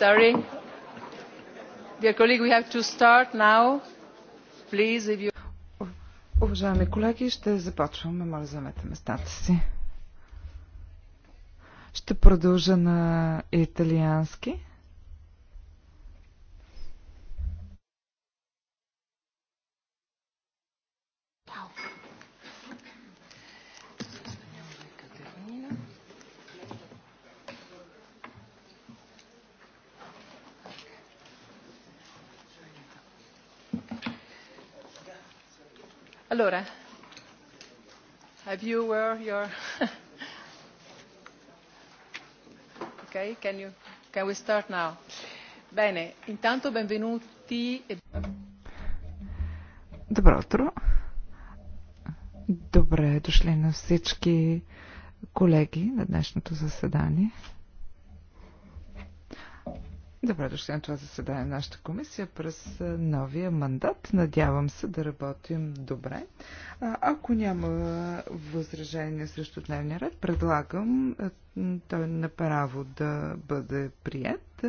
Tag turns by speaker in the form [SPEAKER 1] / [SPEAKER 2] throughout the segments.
[SPEAKER 1] sorry. Dear colleague, we have to start now. Please, if you...
[SPEAKER 2] Уважаеми колеги, ще започваме. Моля, вземете местата си. Ще продължа на италиански.
[SPEAKER 1] Allora, have you where your... ok, can, you, can we start now? Bene, intanto benvenuti. e...
[SPEAKER 2] Добро утро. Добре дошли на всички колеги на днешното заседание. Добре дошли на това заседание на нашата комисия през новия мандат. Надявам се да работим добре. Ако няма възражение срещу дневния ред, предлагам той е направо да бъде прият.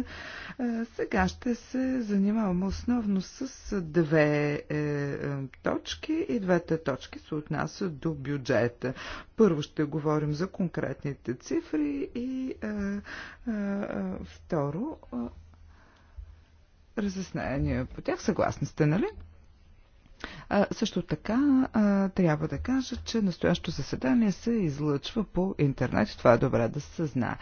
[SPEAKER 2] Сега ще се занимаваме основно с две е, е, точки и двете точки се отнасят до бюджета. Първо ще говорим за конкретните цифри и второ разяснение по тях. Съгласни сте, нали? А, също така а, трябва да кажа, че настоящото заседание се излъчва по интернет. Това е добре да се знае.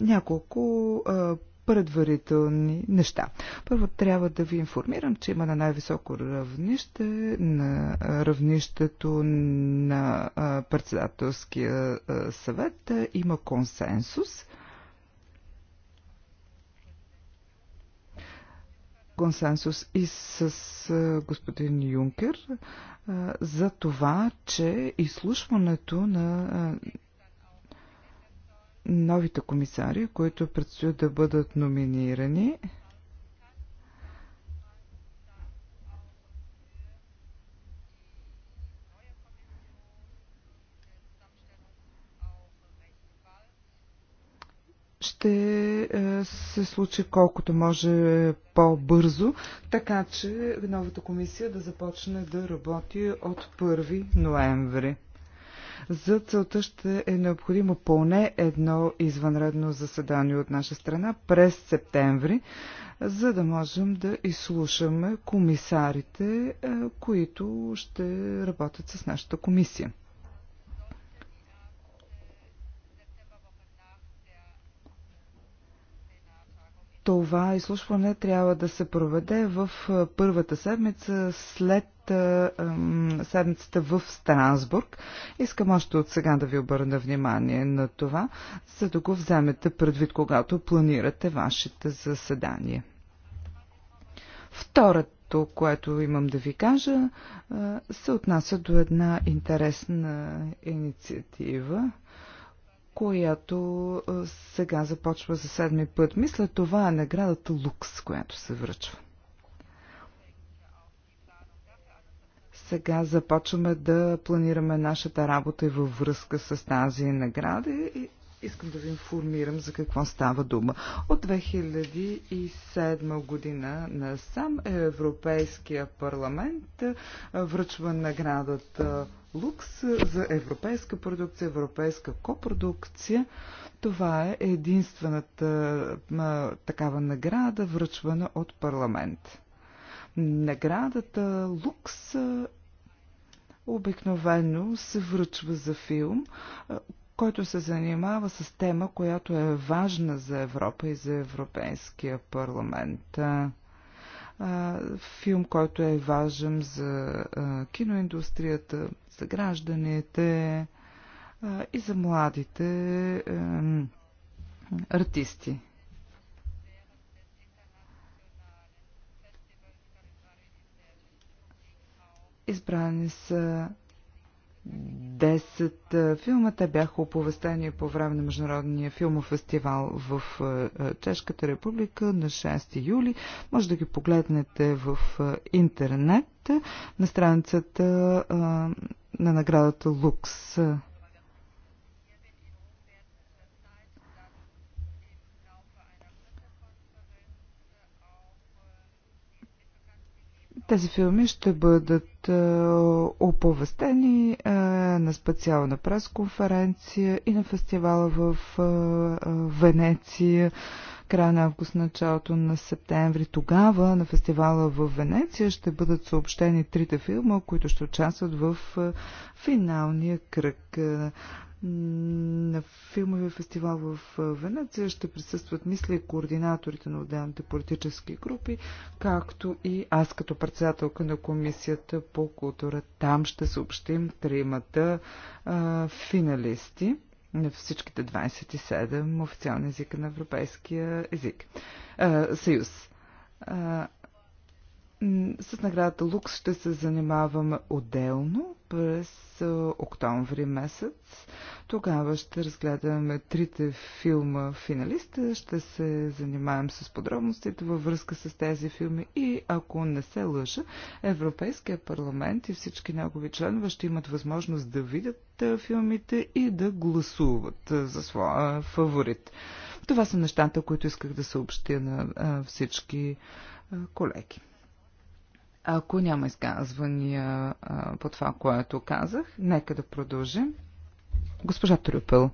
[SPEAKER 2] няколко а, предварителни неща. Първо трябва да ви информирам, че има на най-високо равнище, на равнището на председателския съвет, има консенсус консенсус и с господин Юнкер за това, че изслушването на новите комисари, които предстоят да бъдат номинирани, ще е, се случи колкото може по-бързо, така че новата комисия да започне да работи от 1 ноември. За целта ще е необходимо поне едно извънредно заседание от наша страна през септември, за да можем да изслушаме комисарите, е, които ще работят с нашата комисия. Това изслушване трябва да се проведе в първата седмица след седмицата в Страсбург. Искам още от сега да ви обърна внимание на това, за да го вземете предвид, когато планирате вашите заседания. Второто, което имам да ви кажа, се отнася до една интересна инициатива която сега започва за седми път. Мисля, това е наградата Лукс, която се връчва. Сега започваме да планираме нашата работа и във връзка с тази награда и Искам да ви информирам за какво става дума. От 2007 година на сам Европейския парламент връчва наградата Лукс за европейска продукция, европейска копродукция. Това е единствената такава награда, връчвана от парламент. Наградата Лукс обикновено се връчва за филм, който се занимава с тема, която е важна за Европа и за Европейския парламент. Филм, който е важен за киноиндустрията, за гражданите и за младите артисти. Избрани са Десет филма те бяха оповестени по време на Международния филмов фестивал в Чешката република на 6 юли. Може да ги погледнете в интернет на страницата на наградата Лукс. Тези филми ще бъдат е, оповестени е, на специална пресконференция и на фестивала в е, Венеция края на август, началото на септември. Тогава на фестивала в Венеция ще бъдат съобщени трите филма, които ще участват в финалния кръг на филмовия фестивал в Венеция ще присъстват, мисля, и координаторите на отделните политически групи, както и аз като председателка на комисията по култура. Там ще съобщим тримата а, финалисти на всичките 27 официални езика на Европейския език. А, съюз. А, с наградата Лукс ще се занимаваме отделно през октомври месец. Тогава ще разгледаме трите филма финалиста, ще се занимаем с подробностите във връзка с тези филми и ако не се лъжа, Европейския парламент и всички негови членове ще имат възможност да видят филмите и да гласуват за своя фаворит. Това са нещата, които исках да съобщя на всички колеги. Ако няма изказвания а, по това, което казах, нека да продължим. Госпожа Трюпел.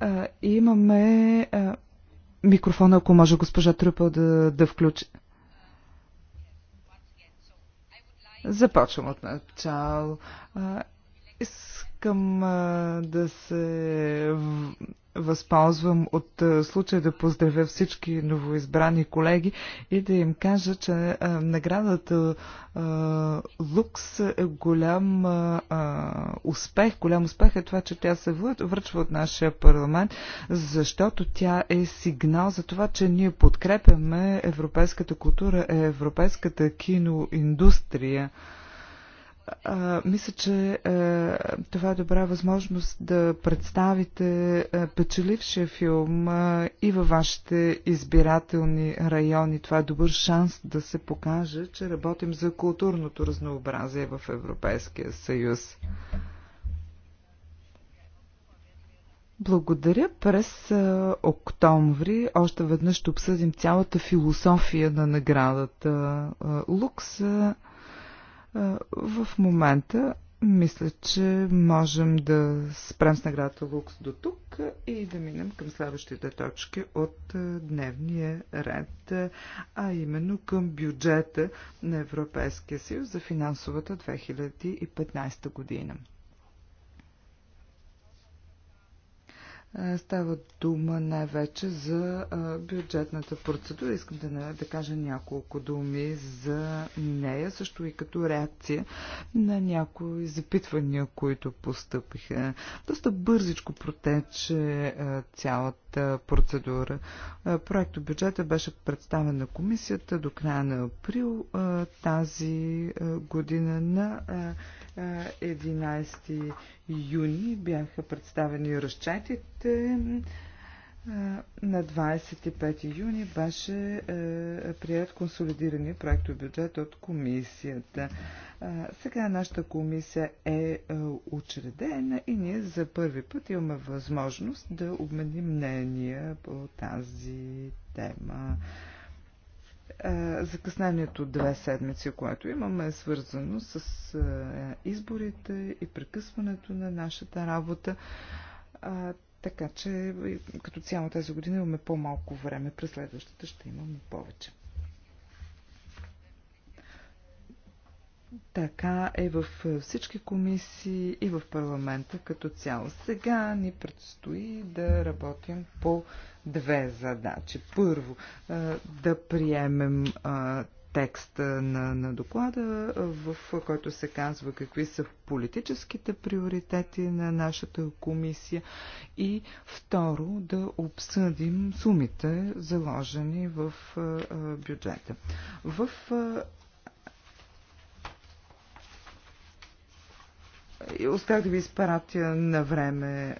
[SPEAKER 2] А, имаме а, микрофона, ако може госпожа Трюпел да, да включи. Започвам от начало. А, искам а, да се възползвам от е, случая да поздравя всички новоизбрани колеги и да им кажа, че е, наградата е, Лукс е голям успех. Голям успех е това, че тя се връчва от нашия парламент, защото тя е сигнал за това, че ние подкрепяме европейската култура, европейската киноиндустрия мисля, че а, е, това е добра възможност да представите а, е, печелившия филм а, е, и във вашите избирателни райони. Това е добър шанс да се покаже, че работим за културното разнообразие в Европейския съюз. Благодаря. През а, октомври още веднъж ще обсъдим цялата философия на наградата а, Лукса. В момента мисля, че можем да спрем с наградата Лукс до тук и да минем към следващите точки от дневния ред, а именно към бюджета на Европейския съюз за финансовата 2015 година. Е, става дума най-вече за е, бюджетната процедура. Искам да, да кажа няколко думи за нея, също и като реакция на някои запитвания, които постъпиха. Доста бързичко протече е, цялата процедура. Е, проекто бюджета беше представен на комисията до края на април е, тази е, година на 11 юни бяха представени разчетите на 25 юни беше прият е, прият консолидирания бюджет от комисията. сега нашата комисия е, е, учредена и ние за първи път имаме възможност да обменим мнения по тази тема. Е, закъснението две седмици, което имаме, е свързано с е, изборите и прекъсването на нашата работа. Така че като цяло тази година имаме по-малко време, през следващата ще имаме повече. Така е в всички комисии и в парламента като цяло. Сега ни предстои да работим по две задачи. Първо, да приемем текста на, на доклада, в който се казва какви са политическите приоритети на нашата комисия и второ да обсъдим сумите заложени в бюджета. В успях да ви изпратя на време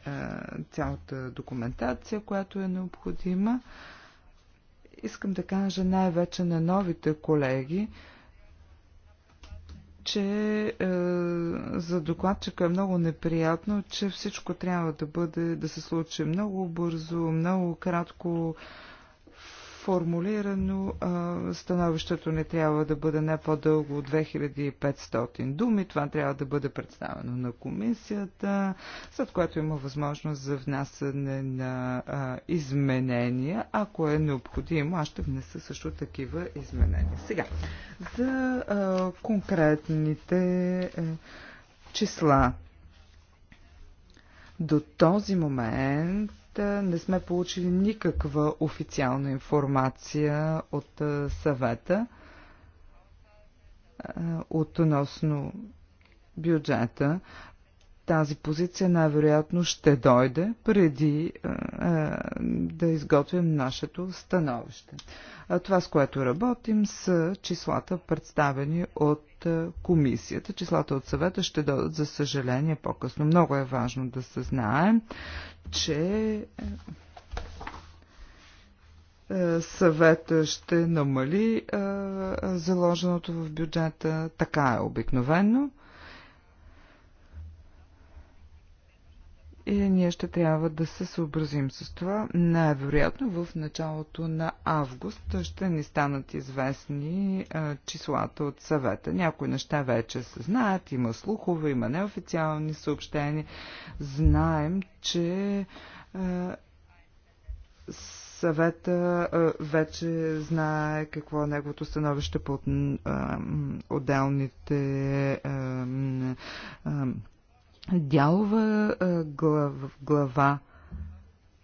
[SPEAKER 2] цялата документация, която е необходима. Искам да кажа най-вече на новите колеги, че е, за докладчика е много неприятно, че всичко трябва да бъде, да се случи много бързо, много кратко, формулирано становището не трябва да бъде не по-дълго от 2500 думи. Това трябва да бъде представено на комисията, след което има възможност за внасяне на изменения. Ако е необходимо, аз ще внеса също такива изменения. Сега, за конкретните е, числа. До този момент момента не сме получили никаква официална информация от съвета относно бюджета. Тази позиция най-вероятно ще дойде преди а, да изготвим нашето становище. Това, с което работим, са числата, представени от комисията. Числата от съвета ще дойдат, за съжаление, по-късно. Много е важно да се знаем, че съвета ще намали заложеното в бюджета. Така е обикновено. и ние ще трябва да се съобразим с това. Най-вероятно в началото на август ще ни станат известни а, числата от съвета. Някои неща вече се знаят, има слухове, има неофициални съобщения. Знаем, че а, съвета а, вече знае какво е неговото становище по а, отделните а, а, дялова глава, глава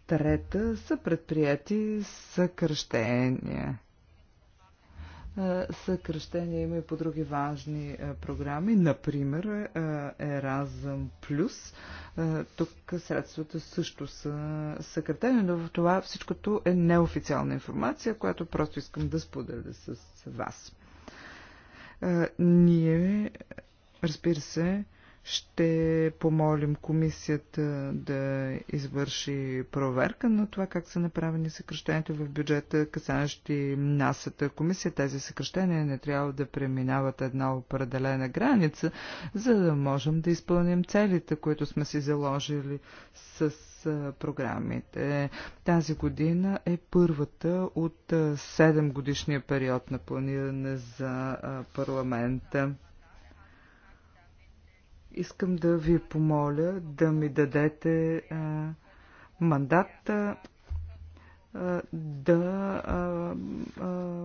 [SPEAKER 2] трета са предприяти съкръщения. Съкръщения има и по други важни програми, например Еразъм Плюс. Тук средствата също са съкратени, но в това всичкото е неофициална информация, която просто искам да споделя с вас. Ние, разбира се, ще помолим комисията да извърши проверка на това как са направени съкръщенията в бюджета, касащи насата комисия. Тези съкръщения не трябва да преминават една определена граница, за да можем да изпълним целите, които сме си заложили с програмите. Тази година е първата от 7 годишния период на планиране за парламента. Искам да ви помоля да ми дадете а, мандат а, да а, а,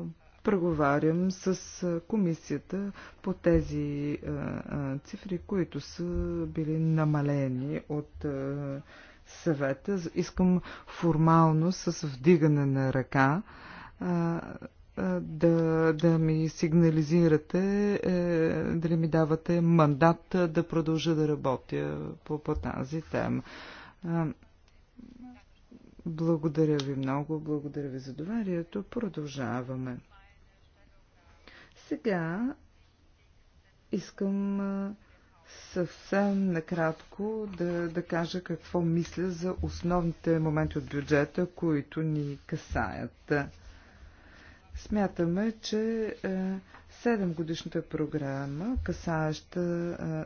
[SPEAKER 2] преговарям с комисията по тези а, а, цифри, които са били намалени от а, съвета. Искам формално с вдигане на ръка а, да, да ми сигнализирате, е, дали ми давате мандат е, да продължа да работя по, по тази тема. Благодаря ви много, благодаря ви за доверието. Продължаваме. Сега искам е, съвсем накратко да, да кажа какво мисля за основните моменти от бюджета, които ни касаят. Смятаме, че е, годишната програма, касаеща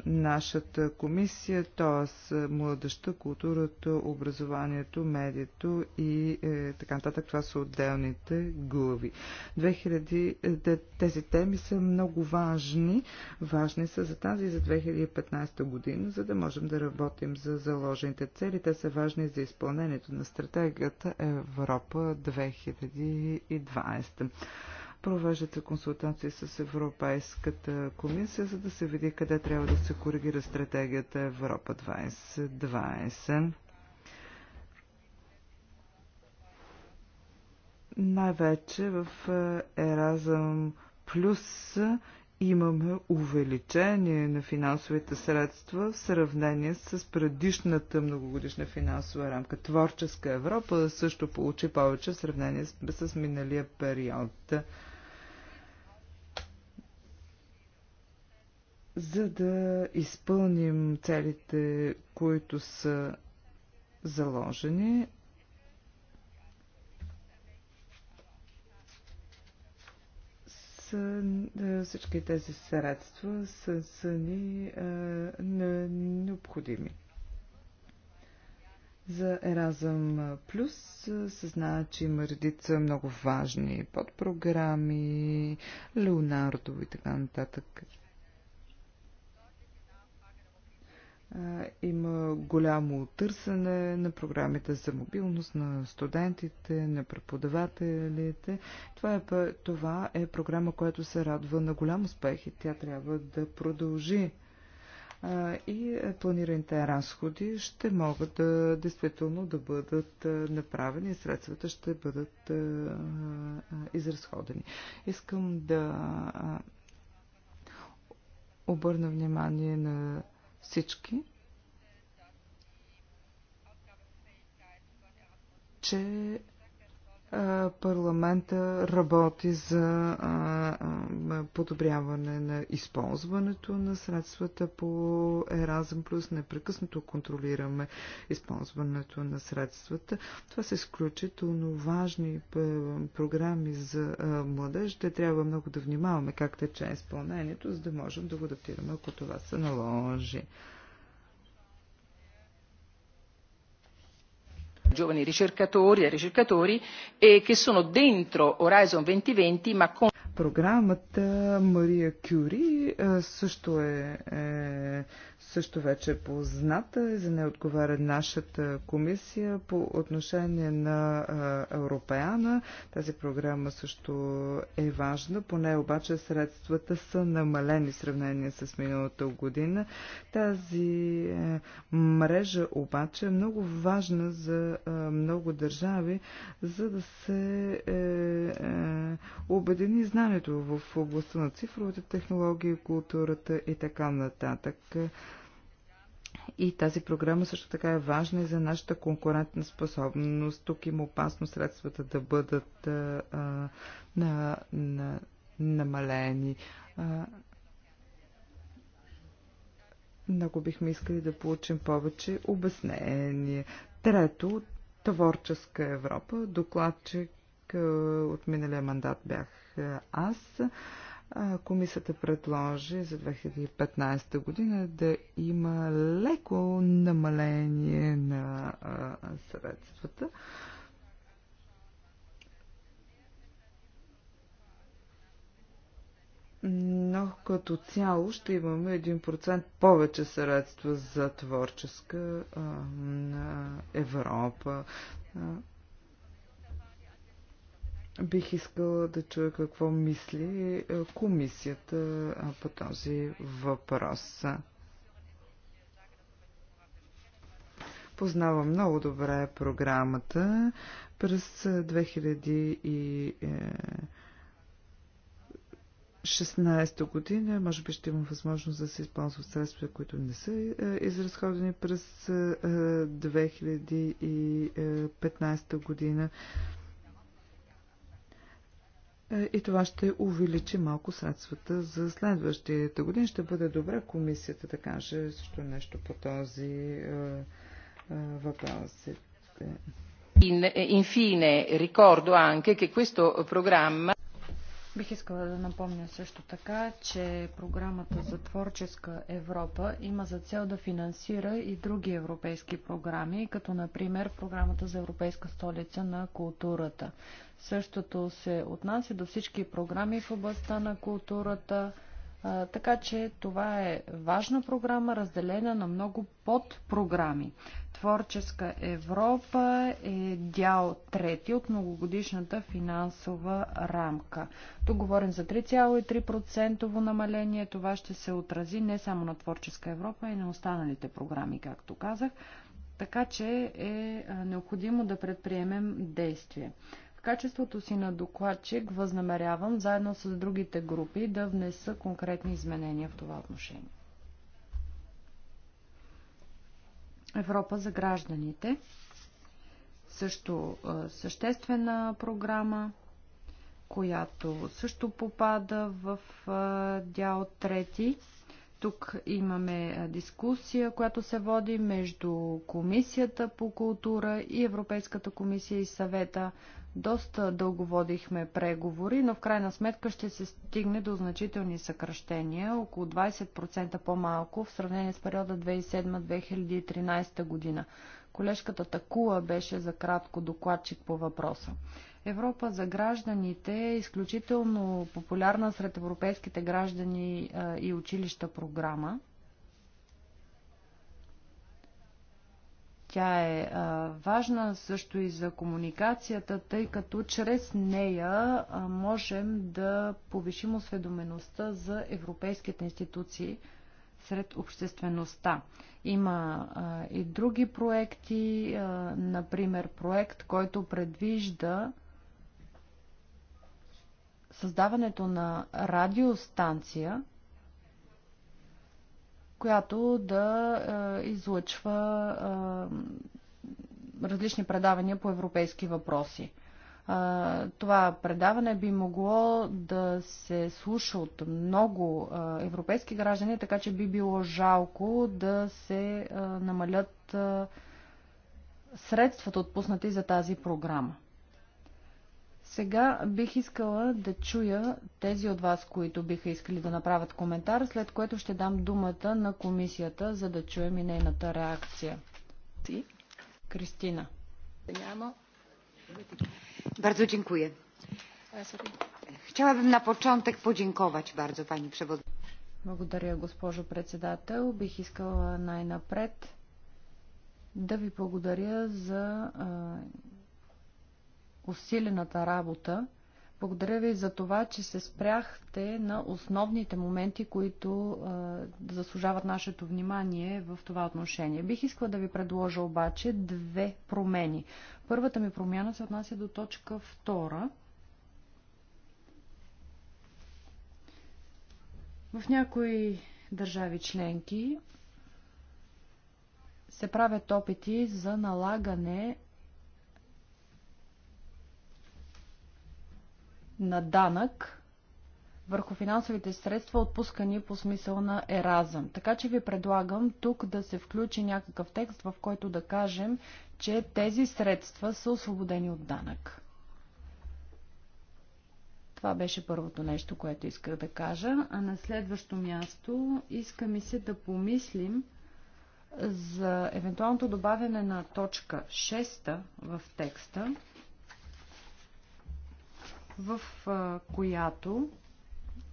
[SPEAKER 2] нашата комисия, т.е. младеща, културата, образованието, медието и е, така нататък. Това са отделните глави. 2000, е, тези теми са много важни. Важни са за тази и за 2015 година, за да можем да работим за заложените цели. Те са важни за изпълнението на стратегията Европа 2020. Провеждате консултации с Европейската комисия, за да се види къде трябва да се коригира стратегията Европа 2020. Най-вече в е, Еразъм Плюс имаме увеличение на финансовите средства в сравнение с предишната многогодишна финансова рамка. Творческа Европа също получи повече в сравнение с миналия период. за да изпълним целите, които са заложени. Са, е, всички тези средства са, са ни е, а, необходими. За Еразъм Плюс се знае, че има редица много важни подпрограми, Леонардо и така нататък. Има голямо търсене на програмите за мобилност на студентите, на преподавателите. Това е, това е програма, която се радва на голям успех и тя трябва да продължи и е, планираните разходи ще могат да, действително да бъдат е, направени и средствата ще бъдат е, изразходени. Искам да обърна внимание на всички, че парламента работи за подобряване на използването на средствата по Еразъм Плюс. Непрекъснато контролираме използването на средствата. Това са изключително важни програми за младеж. Те Трябва много да внимаваме как тече изпълнението, за да можем да го адаптираме, ако това се наложи.
[SPEAKER 1] giovani ricercatori e ricercatori che sono dentro Horizon duemilaventi ma con
[SPEAKER 2] Програмата Мария Кюри също е, е също вече позната, и за нея отговаря нашата комисия по отношение на Европеана. Тази програма също е важна, поне обаче средствата са намалени в сравнение с миналата година. Тази е, мрежа обаче е много важна за е, много държави, за да се е, е, обедини знания знанието в областта на цифровите технологии, културата и така нататък. И тази програма също така е важна и за нашата конкурентна способност. Тук има опасно средствата да бъдат а, на, на, намалени. А, много бихме искали да получим повече обяснение. Трето, творческа Европа. Докладчик от миналия мандат бях аз, комисията предложи за 2015 година да има леко намаление на средствата. но като цяло ще имаме 1% повече средства за творческа а, Европа. А, Бих искала да чуя какво мисли е, комисията по този въпрос. Познавам много добре програмата. През 2016 е, е, година, може би ще имам възможност да се използвам средства, които не са изразходени през 2015 година. Е, и това ще увеличи малко средствата за следващите години. Ще бъде добре комисията да каже също нещо по този е, е, въпрос.
[SPEAKER 1] Infine ricordo anche che questo programma
[SPEAKER 3] Бих искала да напомня също така, че програмата за творческа Европа има за цел да финансира и други европейски програми, като например програмата за Европейска столица на културата. Същото се отнася до всички програми в областта на културата, така че това е важна програма, разделена на много подпрограми. Творческа Европа е дял трети от многогодишната финансова рамка. Тук говорим за 3,3% намаление. Това ще се отрази не само на Творческа Европа, и на останалите програми, както казах. Така че е необходимо да предприемем действие качеството си на докладчик възнамерявам заедно с другите групи да внеса конкретни изменения в това отношение. Европа за гражданите. Също съществена програма, която също попада в дял трети. Тук имаме дискусия, която се води между Комисията по култура и Европейската комисия и съвета доста дълго водихме преговори, но в крайна сметка ще се стигне до значителни съкръщения, около 20% по-малко в сравнение с периода 2007-2013 година. Колежката Такула беше за кратко докладчик по въпроса. Европа за гражданите е изключително популярна сред европейските граждани и училища програма. Тя е а, важна също и за комуникацията, тъй като чрез нея а, можем да повишим осведомеността за европейските институции сред обществеността. Има а, и други проекти, а, например проект, който предвижда създаването на радиостанция, която да е, излъчва е, различни предавания по европейски въпроси. Е, това предаване би могло да се слуша от много европейски граждани, така че би било жалко да се намалят средствата отпуснати за тази програма. Сега бих искала да чуя тези от вас, които биха искали да направят коментар, след което ще дам думата на комисията, за да чуем и нейната реакция. Ти, Кристина. Няма.
[SPEAKER 4] Bardzo dziękuję.
[SPEAKER 3] Chciałabym na początek podziękować bardzo Pani Przewodnicząca. Благодаря, госпожо председател. Бих искала най-напред да ви благодаря за усилената работа. Благодаря ви за това, че се спряхте на основните моменти, които а, заслужават нашето внимание в това отношение. Бих искала да ви предложа обаче две промени. Първата ми промяна се отнася до точка втора. В някои държави членки се правят опити за налагане на данък върху финансовите средства, отпускани по смисъл на Еразъм. Така че ви предлагам тук да се включи някакъв текст, в който да кажем, че тези средства са освободени от данък. Това беше първото нещо, което исках да кажа. А на следващо място иска ми се да помислим за евентуалното добавяне на точка 6 в текста, в която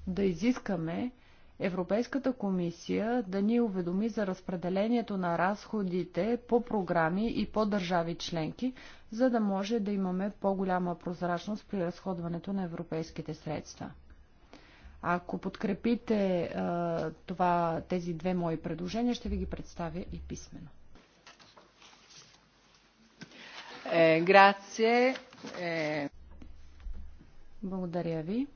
[SPEAKER 3] да изискаме Европейската комисия да ни уведоми за разпределението на разходите по програми и по държави членки, за да може да имаме по-голяма прозрачност при разходването на европейските средства. Ако подкрепите а, това, тези две мои предложения, ще ви ги представя и писменно.
[SPEAKER 1] Е, грация. Е... Благодаря ви.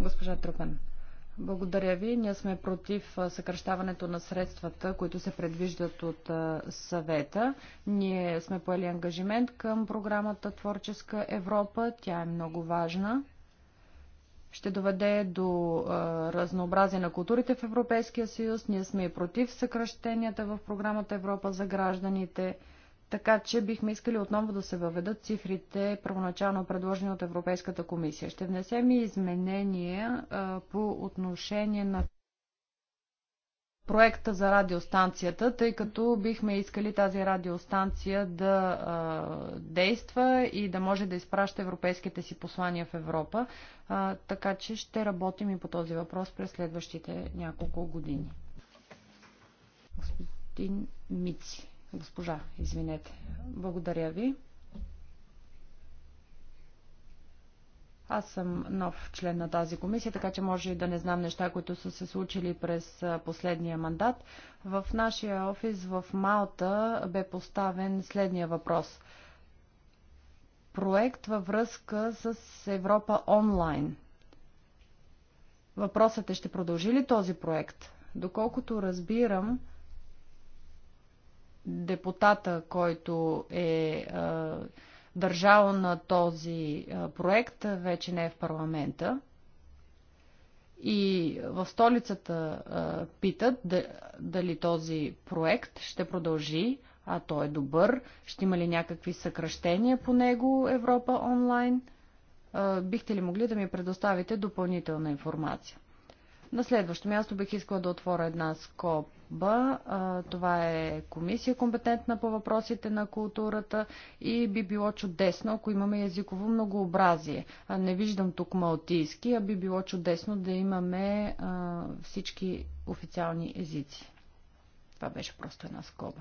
[SPEAKER 3] Госпожа Трупен, благодаря ви. Ние сме против съкръщаването на средствата, които се предвиждат от съвета. Ние сме поели ангажимент към програмата Творческа Европа. Тя е много важна ще доведе до а, разнообразие на културите в Европейския съюз. Ние сме и против съкръщенията в програмата Европа за гражданите, така че бихме искали отново да се въведат цифрите, първоначално предложени от Европейската комисия. Ще внесем и изменения а, по отношение на проекта за радиостанцията, тъй като бихме искали тази радиостанция да а, действа и да може да изпраща европейските си послания в Европа. А, така че ще работим и по този въпрос през следващите няколко години. Господин Мици, госпожа, извинете. Благодаря ви. Аз съм нов член на тази комисия, така че може и да не знам неща, които са се случили през последния мандат. В нашия офис в Малта бе поставен следния въпрос. Проект във връзка с Европа онлайн. Въпросът е, ще продължи ли този проект? Доколкото разбирам, депутата, който е, е държал на този проект, вече не е в парламента. И в столицата питат дали този проект ще продължи, а той е добър, ще има ли някакви съкръщения по него Европа онлайн. Бихте ли могли да ми предоставите допълнителна информация? На следващо място бих искала да отворя една скоп. Б. Това е комисия компетентна по въпросите на културата и би било чудесно, ако имаме езиково многообразие. Не виждам тук малтийски, а би било чудесно да имаме всички официални езици. Това беше просто една скоба.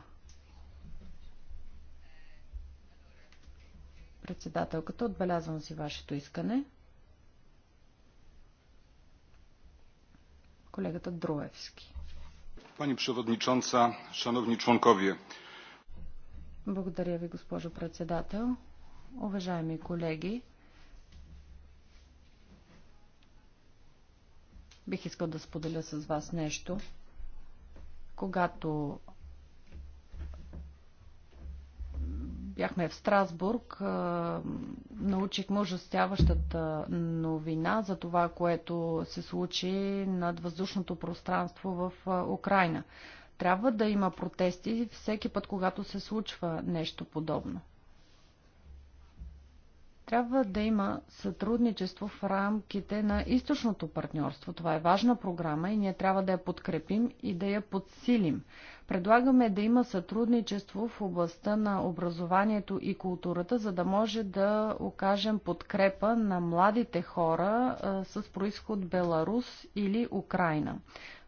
[SPEAKER 3] Председателката, отбелязвам си вашето искане. Колегата Друевски. Благодаря ви, госпожо председател. Уважаеми колеги, бих искал да споделя с вас нещо. Когато бяхме в Страсбург, научихме ужасяващата новина за това, което се случи над въздушното пространство в Украина. Трябва да има протести всеки път, когато се случва нещо подобно. Трябва да има сътрудничество в рамките на източното партньорство. Това е важна програма и ние трябва да я подкрепим и да я подсилим. Предлагаме да има сътрудничество в областта на образованието и културата, за да може да окажем подкрепа на младите хора а, с происход Беларус или Украина.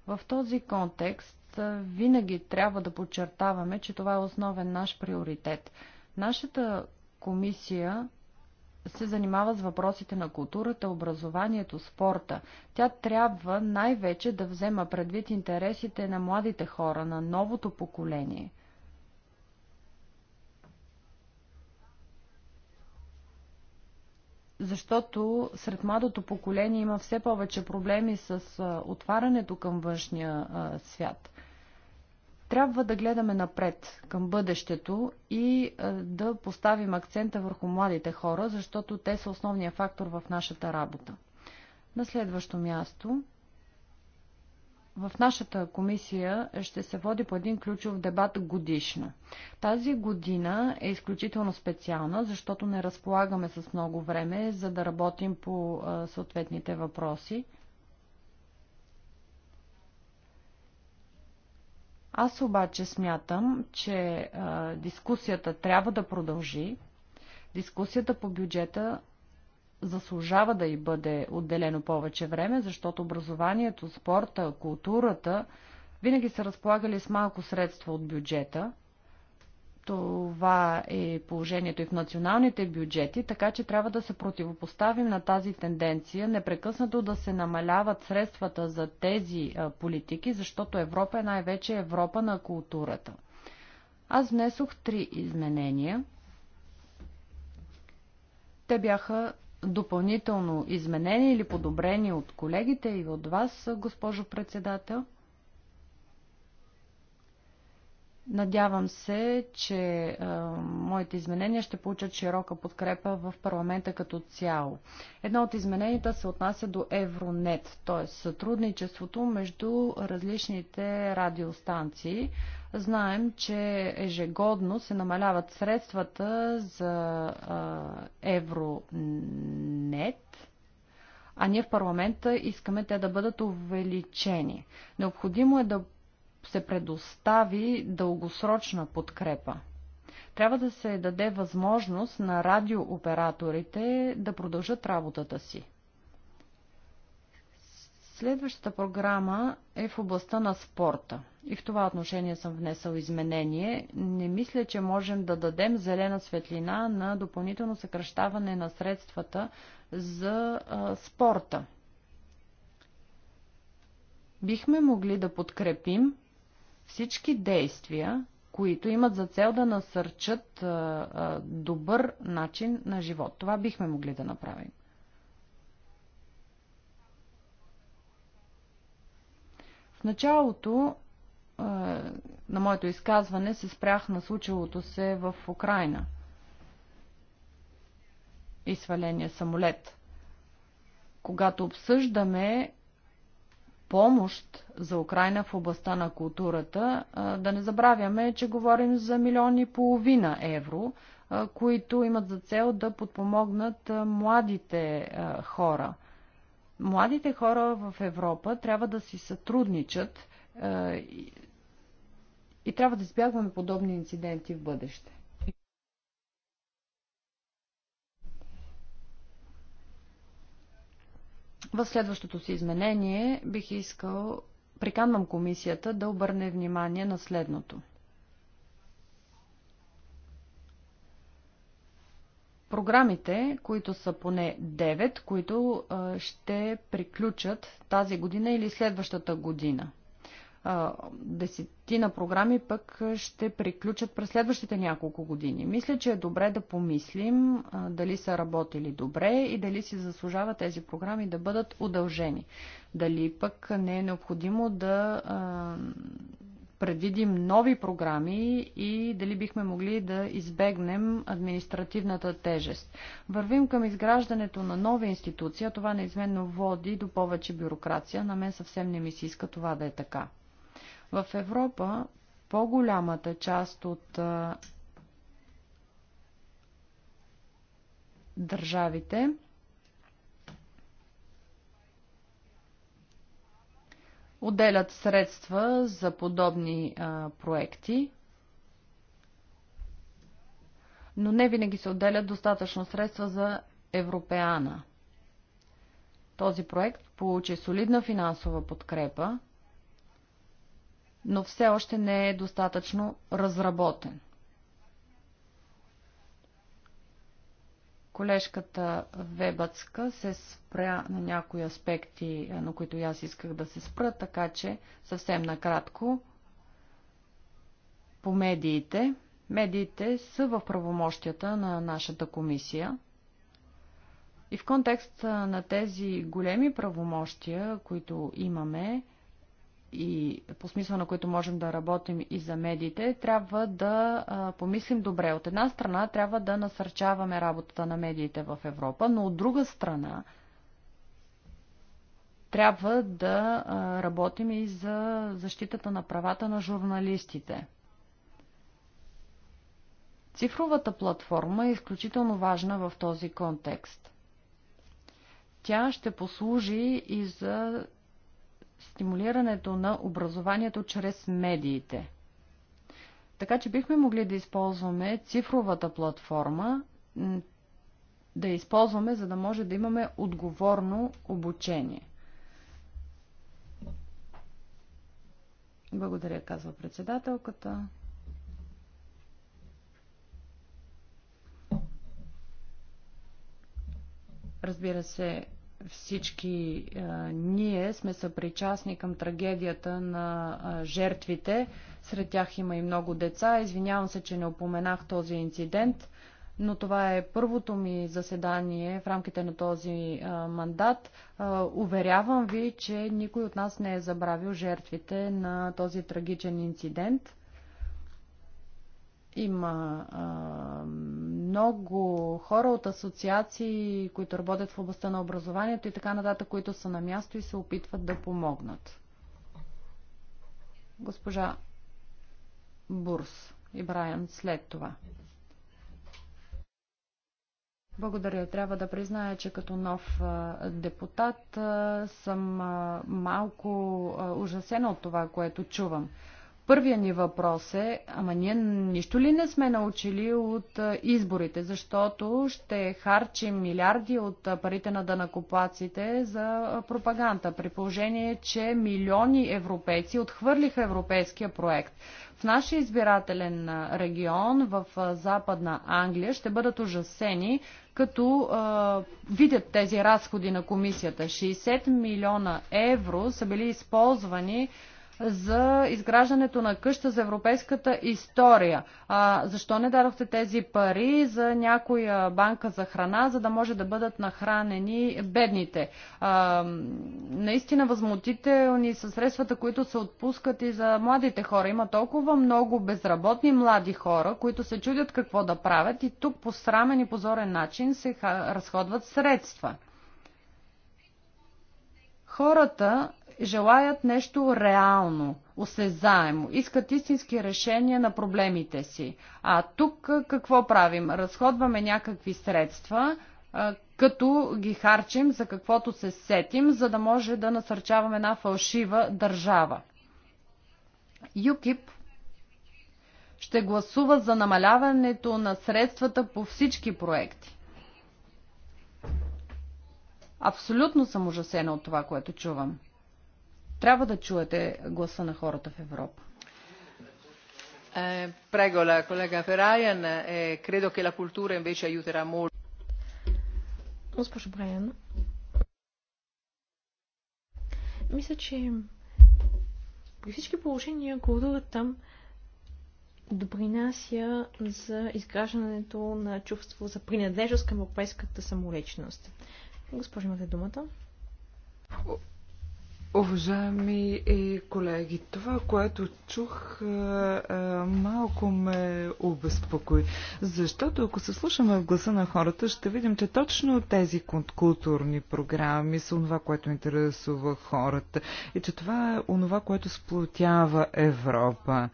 [SPEAKER 3] В този контекст а, винаги трябва да подчертаваме, че това е основен наш приоритет. Нашата комисия се занимава с въпросите на културата, образованието, спорта. Тя трябва най-вече да взема предвид интересите на младите хора, на новото поколение. Защото сред младото поколение има все повече проблеми с отварянето към външния свят – трябва да гледаме напред към бъдещето и е, да поставим акцента върху младите хора, защото те са основният фактор в нашата работа. На следващо място, в нашата комисия ще се води по един ключов дебат годишно. Тази година е изключително специална, защото не разполагаме с много време, за да работим по е, съответните въпроси. Аз обаче смятам, че а, дискусията трябва да продължи. Дискусията по бюджета заслужава да й бъде отделено повече време, защото образованието, спорта, културата винаги са разполагали с малко средства от бюджета – това е положението и в националните бюджети, така че трябва да се противопоставим на тази тенденция, непрекъснато да се намаляват средствата за тези политики, защото Европа е най-вече Европа на културата. Аз внесох три изменения. Те бяха допълнително изменени или подобрени от колегите и от вас, госпожо председател – Надявам се, че е, моите изменения ще получат широка подкрепа в парламента като цяло. Едно от измененията се отнася до Евронет, т.е. сътрудничеството между различните радиостанции. Знаем, че ежегодно се намаляват средствата за е, Евронет а ние в парламента искаме те да бъдат увеличени. Необходимо е да се предостави дългосрочна подкрепа. Трябва да се даде възможност на радиооператорите да продължат работата си. Следващата програма е в областта на спорта. И в това отношение съм внесъл изменение. Не мисля, че можем да дадем зелена светлина на допълнително съкръщаване на средствата за а, спорта. Бихме могли да подкрепим всички действия, които имат за цел да насърчат а, а, добър начин на живот. Това бихме могли да направим. В началото а, на моето изказване се спрях на случилото се в Украина и сваления самолет. Когато обсъждаме помощ за Украина в областта на културата. Да не забравяме, че говорим за милиони и половина евро, които имат за цел да подпомогнат младите хора. Младите хора в Европа трябва да си сътрудничат и трябва да избягваме подобни инциденти в бъдеще. В следващото си изменение бих искал, приканвам комисията да обърне внимание на следното. Програмите, които са поне 9, които ще приключат тази година или следващата година десетина програми пък ще приключат през следващите няколко години. Мисля, че е добре да помислим дали са работили добре и дали си заслужава тези програми да бъдат удължени. Дали пък не е необходимо да предвидим нови програми и дали бихме могли да избегнем административната тежест. Вървим към изграждането на нови институции, а това неизменно води до повече бюрокрация. На мен съвсем не ми се иска това да е така. В Европа по-голямата част от държавите отделят средства за подобни а, проекти, но не винаги се отделят достатъчно средства за Европеана. Този проект получи солидна финансова подкрепа но все още не е достатъчно разработен. Колежката Вебъцка се спря на някои аспекти, е, на които аз исках да се спра, така че съвсем накратко по медиите. Медиите са в правомощията на нашата комисия. И в контекст на тези големи правомощия, които имаме, и по смисъл на които можем да работим и за медиите, трябва да помислим добре. От една страна трябва да насърчаваме работата на медиите в Европа, но от друга страна трябва да работим и за защитата на правата на журналистите. Цифровата платформа е изключително важна в този контекст. Тя ще послужи и за стимулирането на образованието чрез медиите. Така че бихме могли да използваме цифровата платформа, да използваме, за да може да имаме отговорно обучение. Благодаря, казва председателката. Разбира се, всички а, е, ние сме съпричастни към трагедията на а, е, жертвите. Сред тях има и много деца. Извинявам се, че не опоменах този инцидент, но това е първото ми заседание в рамките на този а, е, мандат. А, уверявам ви, че никой от нас не е забравил жертвите на този трагичен инцидент. Има. А, много хора от асоциации, които работят в областта на образованието и така нататък, които са на място и се опитват да помогнат. Госпожа Бурс и Брайан след това. Благодаря. Трябва да призная, че като нов депутат съм малко ужасена от това, което чувам. Първия ни въпрос е, ама ние нищо ли не сме научили от изборите, защото ще харчим милиарди от парите на данакоплаците за пропаганда, при положение, че милиони европейци отхвърлиха европейския проект. В нашия избирателен регион в Западна Англия ще бъдат ужасени, като е, видят тези разходи на комисията. 60 милиона евро са били използвани за изграждането на къща за европейската история. А, защо не дадохте тези пари за някоя банка за храна, за да може да бъдат нахранени бедните? А, наистина възмутителни са средствата, които се отпускат и за младите хора. Има толкова много безработни млади хора, които се чудят какво да правят и тук по срамен и позорен начин се разходват средства. Хората желаят нещо реално, осезаемо, искат истински решения на проблемите си. А тук какво правим? Разходваме някакви средства, като ги харчим за каквото се сетим, за да може да насърчаваме една фалшива държава. ЮКИП ще гласува за намаляването на средствата по всички проекти. Абсолютно съм ужасена от това, което чувам. Трябва да чуете гласа на хората в Европа.
[SPEAKER 1] Prego la collega Ferrayan, credo che la cultura invece aiuterà molto.
[SPEAKER 5] Госпожо Брайан, мисля, че при всички положения културата допринася за изграждането на чувство за принадлежност към европейската самолечност. Госпожо, имате думата.
[SPEAKER 2] Уважаеми колеги, това, което чух, е, е, малко ме обезпокои. Защото ако се слушаме в гласа на хората, ще видим, че точно тези културни програми са онова, което интересува хората. И че това е онова, което сплотява Европа.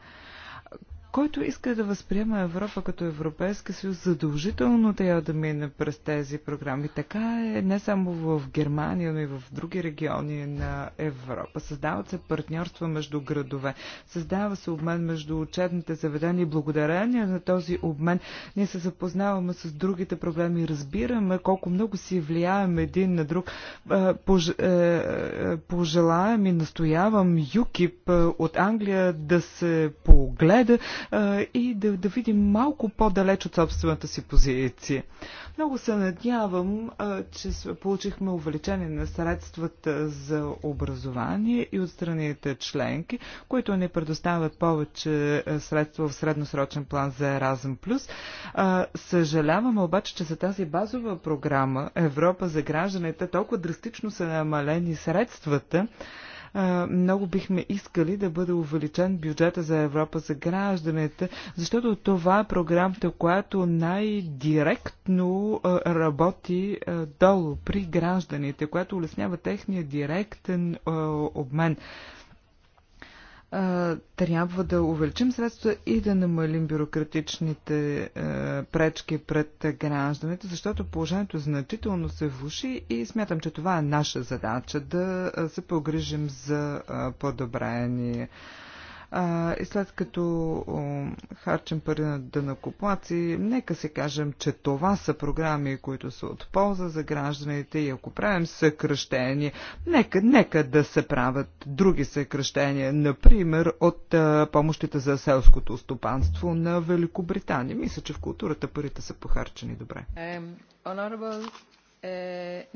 [SPEAKER 2] Който иска да възприема Европа като Европейска съюз, задължително трябва да мине през тези програми. Така е не само в Германия, но и в други региони на Европа. Създават се партньорства между градове, създава се обмен между учебните заведения и благодарение на този обмен ние се запознаваме с другите проблеми, разбираме колко много си влияем един на друг. Е, е, пожелаем и настоявам ЮКИП е, от Англия да се погледа и да, да видим малко по-далеч от собствената си позиция. Много се надявам, че получихме увеличение на средствата за образование и от страните членки, които ни предоставят повече средства в средносрочен план за Еразъм Плюс. Съжаляваме обаче, че за тази базова програма Европа за гражданите толкова драстично са намалени средствата, много бихме искали да бъде увеличен бюджета за Европа за гражданите, защото това е програмата, която най-директно работи долу при гражданите, която улеснява техния директен обмен трябва да увеличим средства и да намалим бюрократичните е, пречки пред гражданите, защото положението значително се влуши и смятам, че това е наша задача да е, се погрижим за е, подобрение а, и след като харчим пари на дънакоплаци, нека си кажем, че това са програми, които са от полза за гражданите и ако правим съкръщение, нека, нека да се правят други съкръщения, например от а, помощите за селското стопанство на Великобритания. Мисля, че в културата парите са похарчени добре.
[SPEAKER 1] Honorable е,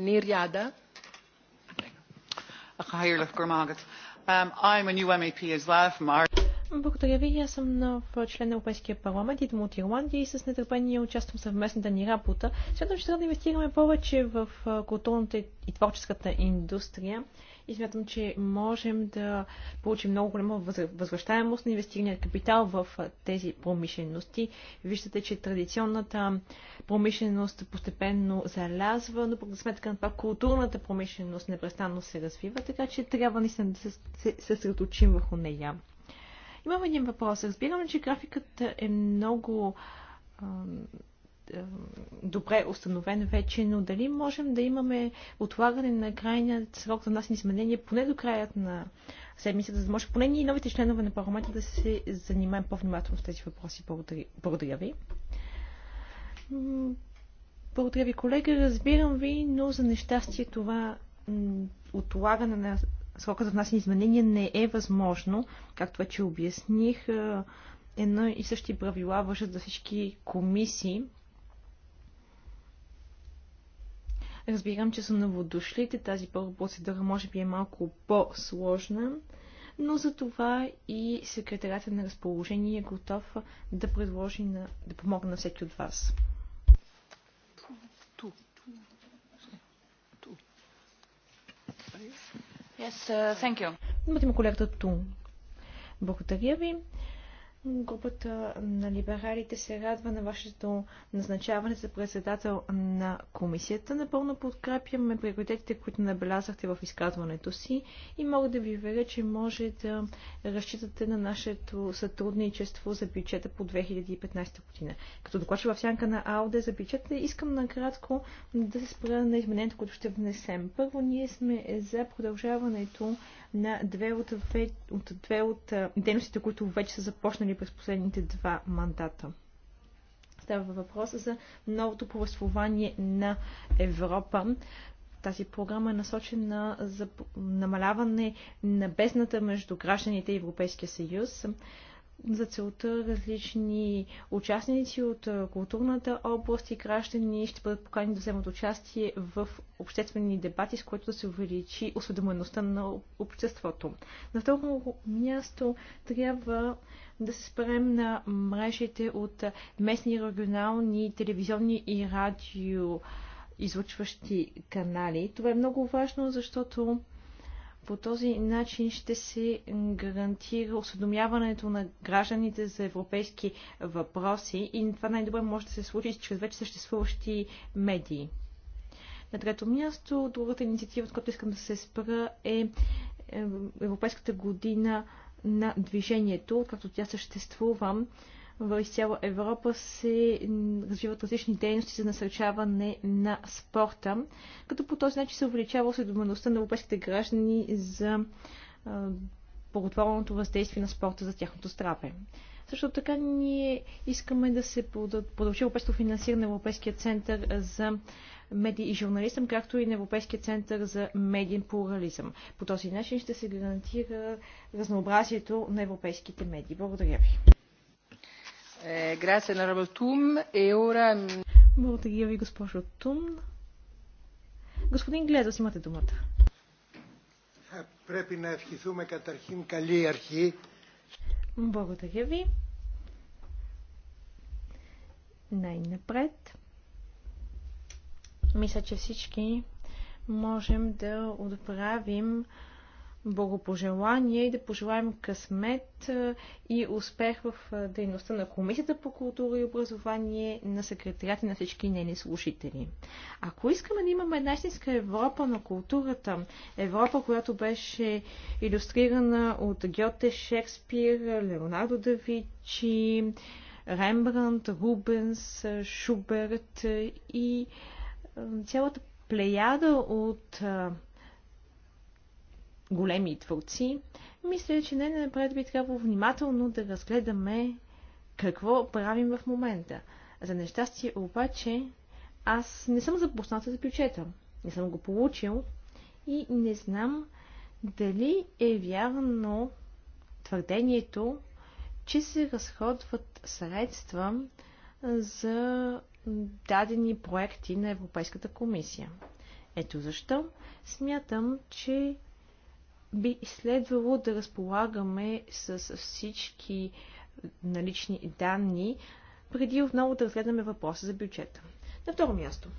[SPEAKER 1] I am a
[SPEAKER 4] new MEP as well from Ireland
[SPEAKER 5] благодаря ви. Аз съм нов член на Европейския парламент, идвам от Ирландия и с нетърпение участвам в съвместната ни работа. Смятам, че трябва да инвестираме повече в културната и творческата индустрия и смятам, че можем да получим много голяма възвръщаемост на инвестирания капитал в тези промишлености. Виждате, че традиционната промишленост постепенно залязва, но пък за сметка на това културната промишленост непрестанно се развива, така че трябва наистина да се съсредоточим върху нея. Имам един въпрос. Разбирам, че графикът е много добре установен вече, но дали можем да имаме отлагане на крайния срок за нас изменение поне до краят на седмицата, за да може поне ние новите членове на парламента да се занимаем по-внимателно с тези въпроси. Благодаря, благодаря ви. Благодаря ви, колега. Разбирам ви, но за нещастие това отлагане на срока за внасяне изменения не е възможно, както вече обясних, е, едно и същи правила въжат за всички комисии. Разбирам, че са новодошлите. Тази първа процедура може би е малко по-сложна, но за това и секретарята на разположение е готов да предложи на, да помогне на всеки от вас.
[SPEAKER 1] Ту, ту, ту.
[SPEAKER 3] Yes, uh, thank you.
[SPEAKER 5] Благодаря ви. Групата на либералите се радва на вашето назначаване за председател на комисията. Напълно подкрепяме приоритетите, които набелязахте в изказването си и мога да ви веря, че може да разчитате на нашето сътрудничество за бюджета по 2015 година. Като докладча в сянка на АОДЕ за бюджета, искам накратко да се спра на изменението, което ще внесем. Първо, ние сме за продължаването на две от, две, от, две от дейностите, които вече са започнали през последните два мандата. Става въпрос за новото повествование на Европа. Тази програма е насочена за намаляване на бездната между гражданите и Европейския съюз за целта различни участници от културната област и граждани ще бъдат поканени да вземат участие в обществени дебати, с което да се увеличи осведомеността на обществото. На второ място трябва да се спрем на мрежите от местни регионални телевизионни и радио излъчващи канали. Това е много важно, защото по този начин ще се гарантира осведомяването на гражданите за европейски въпроси и това най-добре може да се случи чрез вече съществуващи медии. На трето място, другата инициатива, от която искам да се спра е, е Европейската година на движението, както тя съществува в цяла Европа се развиват различни дейности за насърчаване на спорта, като по този начин се увеличава осведомеността на европейските граждани за благотворното въздействие на спорта за тяхното здраве. Също така ние искаме да се продължи европейско финансиране на Европейския център за медии и журналистъм, както и на Европейския център за медиен плурализъм. По този начин ще се гарантира разнообразието на европейските медии. Благодаря ви. Eh, e Благодаря ви, госпожо Тум. Господин Глезас, имате думата. Благодаря ви. Най-напред. Мисля, че всички можем да отправим благопожелание и да пожелаем късмет и успех в дейността на Комисията по култура и образование, на секретарията на всички нейни слушатели. Ако искаме да имаме една истинска Европа на културата, Европа, която беше иллюстрирана от Гьоте, Шекспир, Леонардо да Винчи, Рембрандт, Рубенс, Шуберт и цялата плеяда от големи творци, мисля, че не напред би трябвало внимателно да разгледаме какво правим в момента. За нещастие обаче, аз не съм запозната за бюджета. Не съм го получил и не знам дали е вярно твърдението, че се разходват средства за дадени проекти на Европейската комисия. Ето защо смятам, че би следвало да разполагаме с всички налични данни, преди отново да разгледаме въпроса за бюджета. На второ място.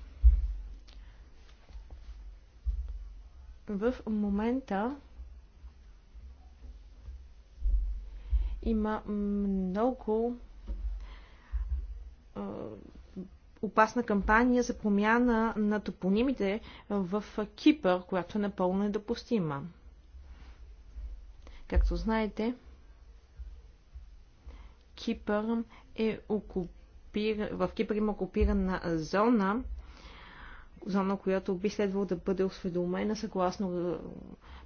[SPEAKER 5] В момента има много опасна кампания за промяна на топонимите в Кипър, която е напълно недопустима. Както знаете, Кипър е окупир... в Кипър има окупирана зона, зона, която би следвало да бъде осведомена съгласно е,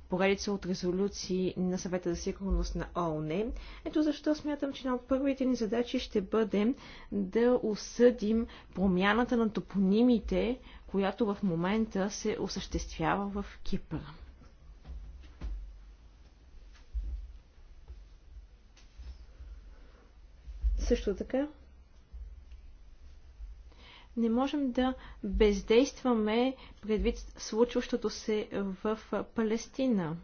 [SPEAKER 5] поредица от резолюции на съвета за сигурност на ООН. Ето защо смятам, че една от първите ни задачи ще бъде да осъдим промяната на топонимите, която в момента се осъществява в Кипър. Също така, не можем да бездействаме предвид случващото се в Палестина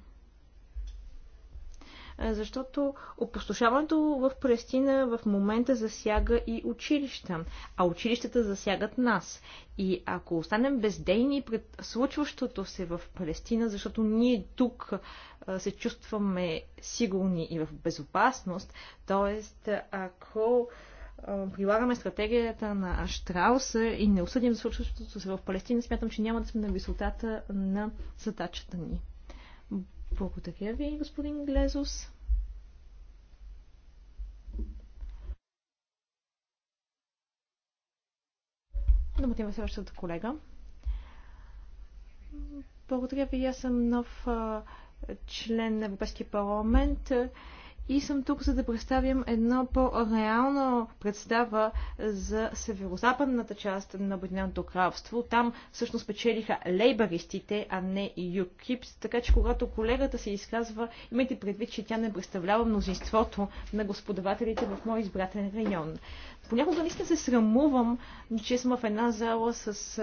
[SPEAKER 5] защото опустошаването в Палестина в момента засяга и училища, а училищата засягат нас. И ако останем бездейни пред случващото се в Палестина, защото ние тук се чувстваме сигурни и в безопасност, т.е. ако прилагаме стратегията на Штрауса и не осъдим случващото се в Палестина, смятам, че няма да сме на висотата на задачата ни. Благодаря ви, господин Глезос. Думата има следващата колега. Благодаря ви, аз съм нов член на Европейския парламент и съм тук, за да представям една по-реална представа за северо-западната част на Обединеното кралство. Там всъщност печелиха лейбаристите, а не ЮКИПС. Така че когато колегата се изказва, имайте предвид, че тя не представлява мнозинството на господавателите в мой избирателен район. Понякога наистина се срамувам, че съм в една зала с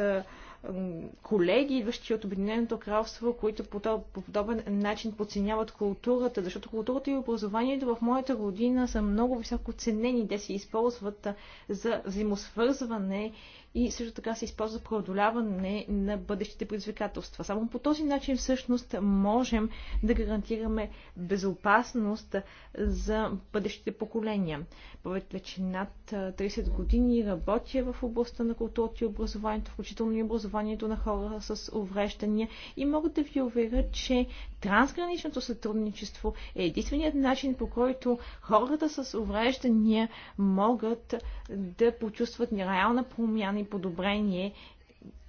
[SPEAKER 5] колеги, идващи от Обединеното кралство, които по, по подобен начин подценяват културата, защото културата и образованието в моята година са много високо ценени. Те се използват за взаимосвързване и също така се използва преодоляване на бъдещите предизвикателства. Само по този начин всъщност можем да гарантираме безопасност за бъдещите поколения. Повече над 30 години работя в областта на културата и образованието, включително и образованието на хора с увреждания и мога да ви уверя, че трансграничното сътрудничество е единственият начин, по който хората с увреждания могат да почувстват реална промяна и подобрение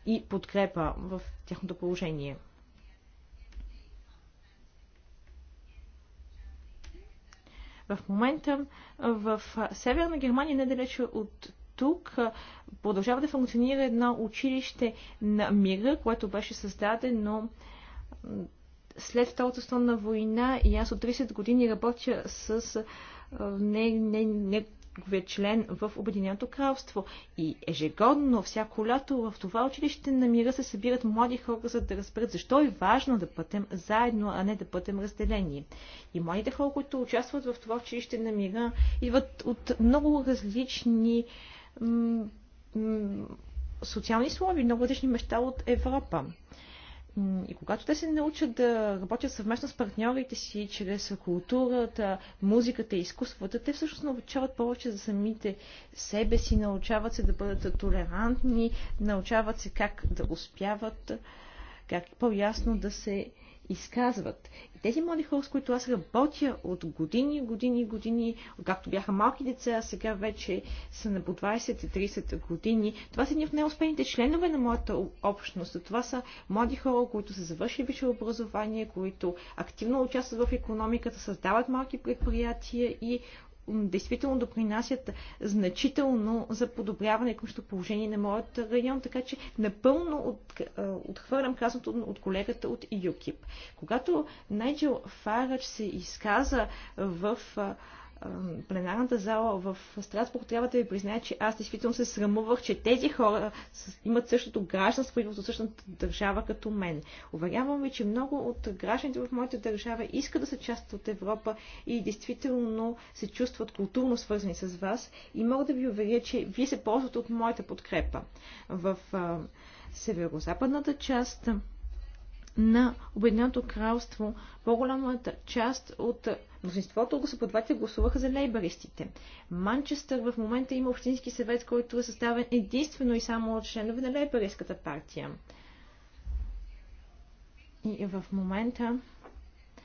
[SPEAKER 5] и подкрепа в тяхното положение. В момента в Северна Германия, недалече от тук, продължава да функционира едно училище на мира, което беше създадено след Втората стонна война и аз от 30 години работя с не, не, не неговия член в Обединеното кралство. И ежегодно, всяко лято в това училище на мира се събират млади хора, за да разберат защо е важно да пътем заедно, а не да пътем разделени. И младите хора, които участват в това училище на мира, идват от много различни социални слови, много различни места от Европа. И когато те се научат да работят съвместно с партньорите си, чрез културата, музиката и изкуствата, те всъщност научават повече за самите себе си, научават се да бъдат толерантни, научават се как да успяват, как по-ясно да се изказват. И тези млади хора, с които аз работя от години, години, години, както бяха малки деца, а сега вече са на по 20-30 години, това са едни от най успените членове на моята общност. Това са млади хора, които са завършили висше образование, които активно участват в економиката, създават малки предприятия и действително допринасят значително за подобряване на положение на моят район, така че напълно от, е, отхвърлям казаното от колегата от ЮКИП. Когато Найджел Фарач се изказа в е, пленарната зала в Страсбург, трябва да ви призная, че аз действително се срамувах, че тези хора имат същото гражданство, и в същата държава като мен. Уверявам ви, че много от гражданите в моята държава искат да са част от Европа и действително се чувстват културно свързани с вас и мога да ви уверя, че вие се ползвате от моята подкрепа. В северо-западната част на Обединеното кралство, по-голямата част от мнозинството го гласуваха за лейбаристите. Манчестър в момента има общински съвет, който е съставен единствено и само от членове на лейбаристската партия. И в момента,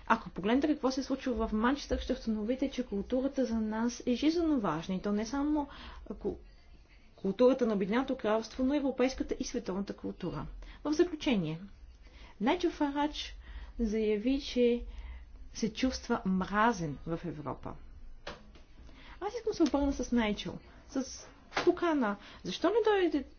[SPEAKER 5] ако погледнете какво се е случва в Манчестър, ще установите, че културата за нас е жизненно важна. И то не само културата на Обединеното кралство, но и европейската и световната култура. В заключение – Найджо Фарач заяви, че се чувства мразен в Европа. Аз искам да се обърна с Найчел, с покана. Защо не дойдете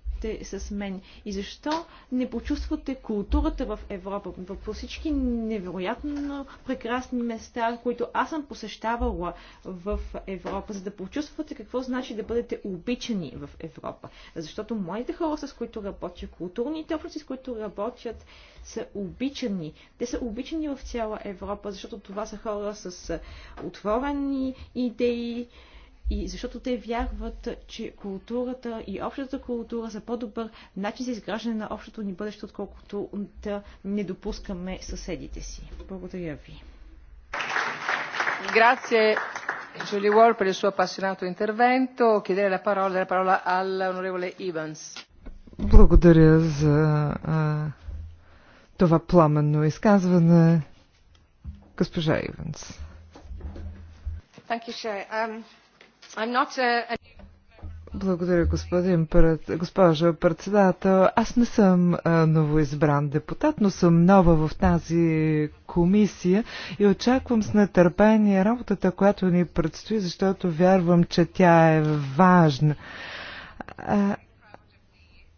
[SPEAKER 5] сте с мен? И защо не почувствате културата в Европа? По всички невероятно прекрасни места, които аз съм посещавала в Европа, за да почувствате какво значи да бъдете обичани в Европа. Защото моите хора, с които работя, културните общности, с които работят, са обичани. Те са обичани в цяла Европа, защото това са хора с отворени идеи, и защото те вярват, че културата и общата култура са по-добър начин за изграждане на общото ни бъдеще, отколкото да
[SPEAKER 1] не допускаме
[SPEAKER 5] съседите си. Благодаря ви.
[SPEAKER 1] Grazie Julie Ward per il suo appassionato intervento. Chiederei la parola, la parola all'onorevole Evans.
[SPEAKER 2] Благодаря за а, това пламенно изказване, госпожа Иванс.
[SPEAKER 1] Thank you, Shay. Um...
[SPEAKER 2] Благодаря, господин пред... госпожо председател. Аз не съм новоизбран депутат, но съм нова в тази комисия и очаквам с нетърпение работата, която ни предстои, защото вярвам, че тя е важна.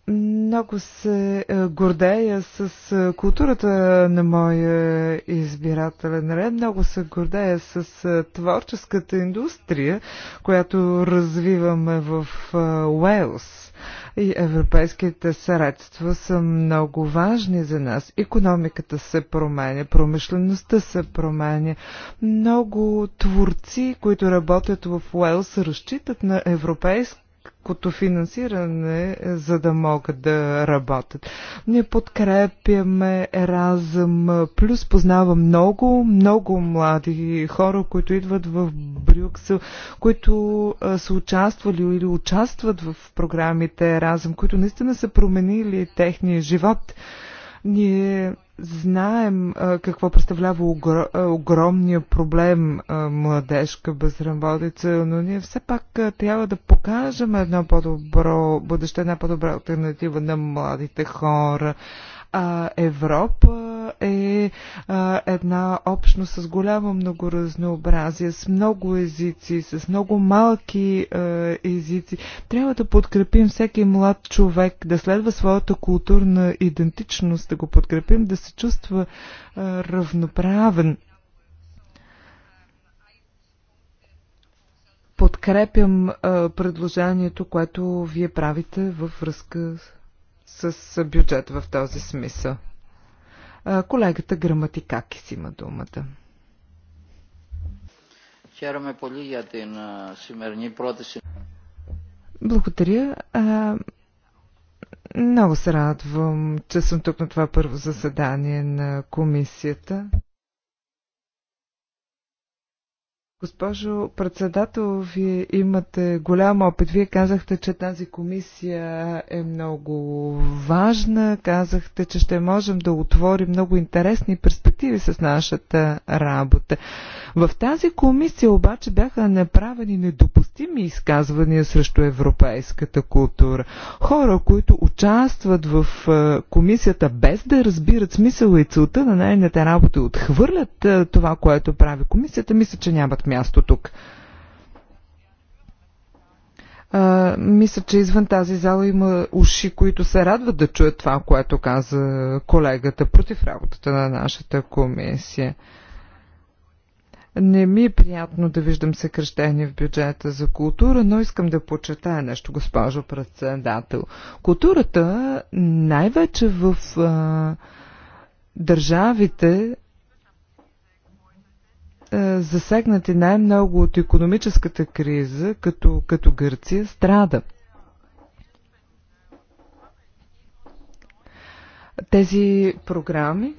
[SPEAKER 2] Много се е, гордея с е, културата на моя избирателен ред. Много се гордея с е, творческата индустрия, която развиваме в Уелс. И европейските средства са много важни за нас. Економиката се променя, промишлеността се променя. Много творци, които работят в Уелс, разчитат на европейски високото финансиране, за да могат да работят. Ние подкрепяме Еразъм Плюс. Познавам много, много млади хора, които идват в Брюксел, които са участвали или участват в програмите Еразъм, които наистина са променили техния живот. Ние знаем какво представлява огромния проблем младежка безработица, но ние все пак трябва да покажем едно по-добро бъдеще, една по-добра альтернатива на младите хора. А Европа е а, една общност с голямо много разнообразие, с много езици, с много малки а, езици. Трябва да подкрепим всеки млад човек да следва своята културна идентичност, да го подкрепим, да се чувства а, равноправен. Подкрепям а, предложението, което вие правите във връзка с с бюджет в този смисъл. Колегата Граматикакис има думата. Благодаря. Много се радвам, че съм тук на това първо заседание на комисията. Госпожо председател, вие имате голям опит. Вие казахте, че тази комисия е много важна. Казахте, че ще можем да отворим много интересни перспективи с нашата работа. В тази комисия обаче бяха направени недопустими изказвания срещу европейската култура. Хора, които участват в е, комисията без да разбират смисъла и целта на нейната работа и отхвърлят е, това, което прави комисията, мисля, че нямат място място тук. А, мисля, че извън тази зала има уши, които се радват да чуят това, което каза колегата против работата на нашата комисия. Не ми е приятно да виждам съкръщение в бюджета за култура, но искам да почетая нещо, госпожо председател. Културата най-вече в а, държавите е, засегнати най-много от економическата криза, като, като Гърция, страда. Тези програми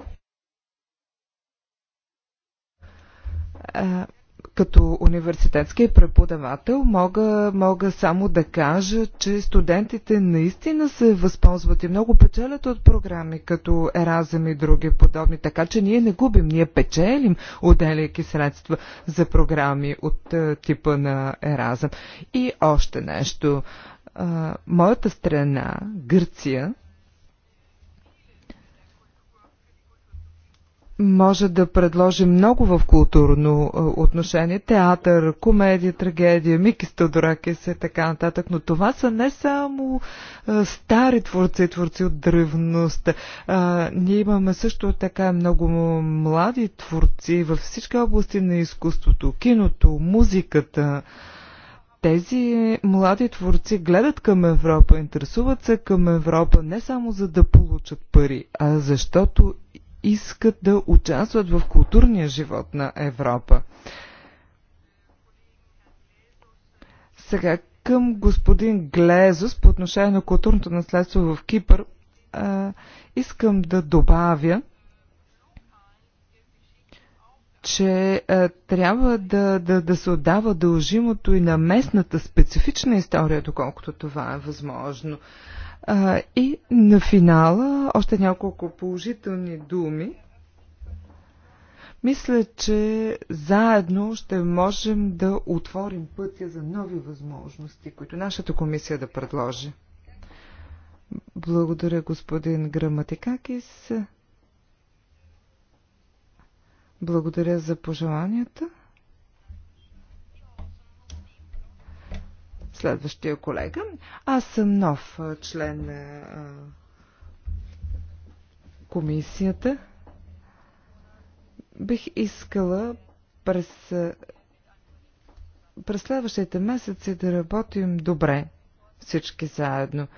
[SPEAKER 2] е, като университетски преподавател мога, мога само да кажа, че студентите наистина се възползват и много печелят от програми като Еразъм и други подобни, така че ние не губим, ние печелим, отделяйки средства за програми от е, типа на Еразъм. И още нещо. моята страна, Гърция, може да предложи много в културно е, отношение. Театър, комедия, трагедия, Мики Стодоракис и така нататък. Но това са не само е, стари творци, творци от древност. Е, ние имаме също така много млади творци във всички области на изкуството. Киното, музиката тези млади творци гледат към Европа, интересуват се към Европа не само за да получат пари, а защото искат да участват в културния живот на Европа. Сега към господин Глезос по отношение на културното наследство в Кипър а, искам да добавя, че а, трябва да, да, да се отдава дължимото и на местната специфична история, доколкото това е възможно. А, и на финала още няколко положителни думи. Мисля, че заедно ще можем да отворим пътя за нови възможности, които нашата комисия да предложи. Благодаря, господин Граматикакис. Благодаря за пожеланията. следващия колега. Аз съм нов член на комисията. Бих искала през, през следващите месеци да работим добре всички заедно.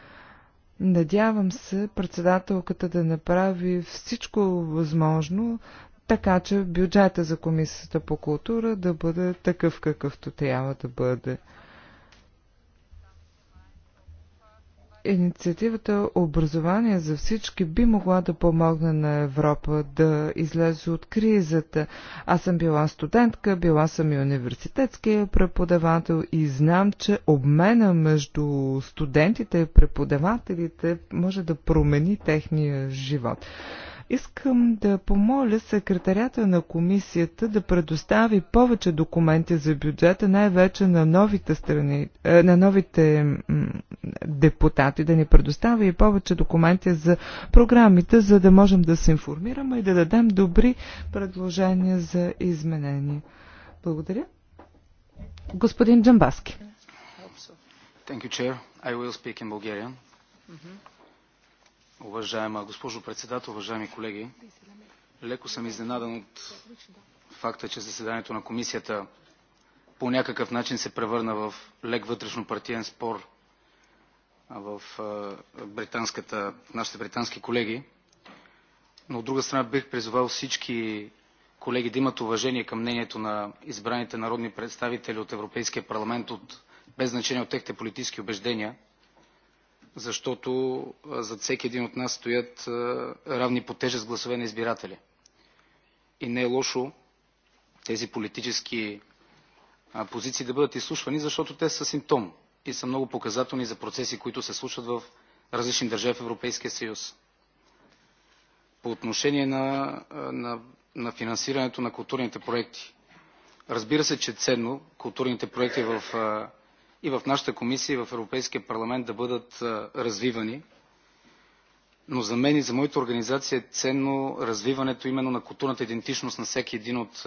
[SPEAKER 2] Надявам се председателката да направи всичко възможно, така че бюджета за Комисията по култура да бъде такъв какъвто трябва да бъде. Инициативата Образование за всички би могла да помогне на Европа да излезе от кризата. Аз съм била студентка, била съм и университетския преподавател и знам, че обмена между студентите и преподавателите може да промени техния живот. Искам да помоля секретарята на комисията да предостави повече документи за бюджета, най-вече на новите страни, е, на новите депутати, да ни предостави и повече документи за програмите, за да можем да се информираме и да дадем добри предложения за изменения. Благодаря. Господин Джамбаски.
[SPEAKER 4] Thank you, Chair. I will speak in Bulgarian. Mm-hmm. Уважаема госпожо председател, уважаеми колеги, леко съм изненадан от факта, че заседанието на комисията по някакъв начин се превърна в лек вътрешно партиен спор в британската, нашите британски колеги. Но от друга страна бих призвал всички колеги да имат уважение към мнението на избраните народни представители от Европейския парламент, от, без значение от техните политически убеждения – защото зад всеки един от нас стоят равни по тежест гласове на избиратели. И не е лошо тези политически позиции да бъдат изслушвани, защото те са симптом и са много показателни за процеси, които се случват в различни държави в Европейския съюз. По отношение на, на, на финансирането на културните проекти. Разбира се, че ценно културните проекти в и в нашата комисия, и в Европейския парламент да бъдат развивани. Но за мен и за моята организация е ценно развиването именно на културната идентичност на всеки един от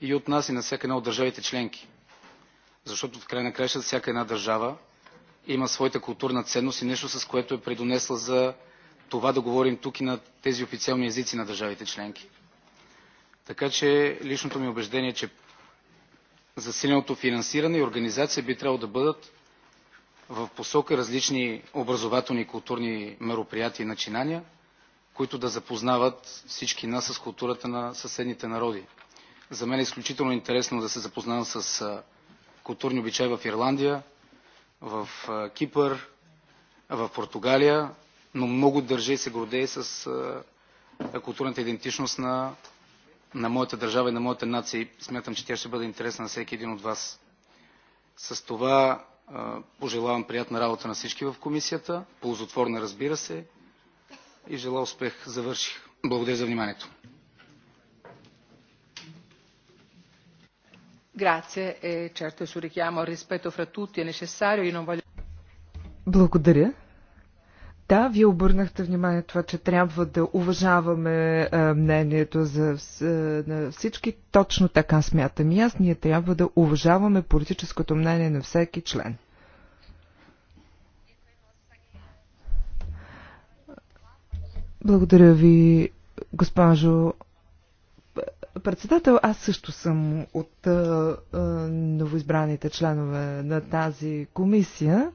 [SPEAKER 4] и от нас, и на всяка една от държавите членки. Защото в край на краищата всяка една държава има своята културна ценност и нещо, с което е предонесла за това да говорим тук и на тези официални езици на държавите членки. Така че личното ми убеждение е, че засиленото финансиране и организация би трябвало да бъдат в посока различни образователни и културни мероприятия и начинания, които да запознават всички нас с културата на съседните народи. За мен е изключително интересно да се запознавам с културни обичаи в Ирландия, в Кипър, в Португалия, но много държа и се гордея с културната идентичност на на моята държава и на моята нация. Смятам, че тя ще бъде интересна на всеки един от вас. С това пожелавам приятна работа на всички в комисията, ползотворна разбира се и желая успех. Завърших. Благодаря за вниманието.
[SPEAKER 1] Е, е е
[SPEAKER 4] Благодаря.
[SPEAKER 2] Да, вие обърнахте внимание това, че трябва да уважаваме а, мнението за, а, на всички. Точно така смятам и аз. Ние трябва да уважаваме политическото мнение на всеки член. Благодаря ви, госпожо председател. Аз също съм от а, а, новоизбраните членове на тази комисия.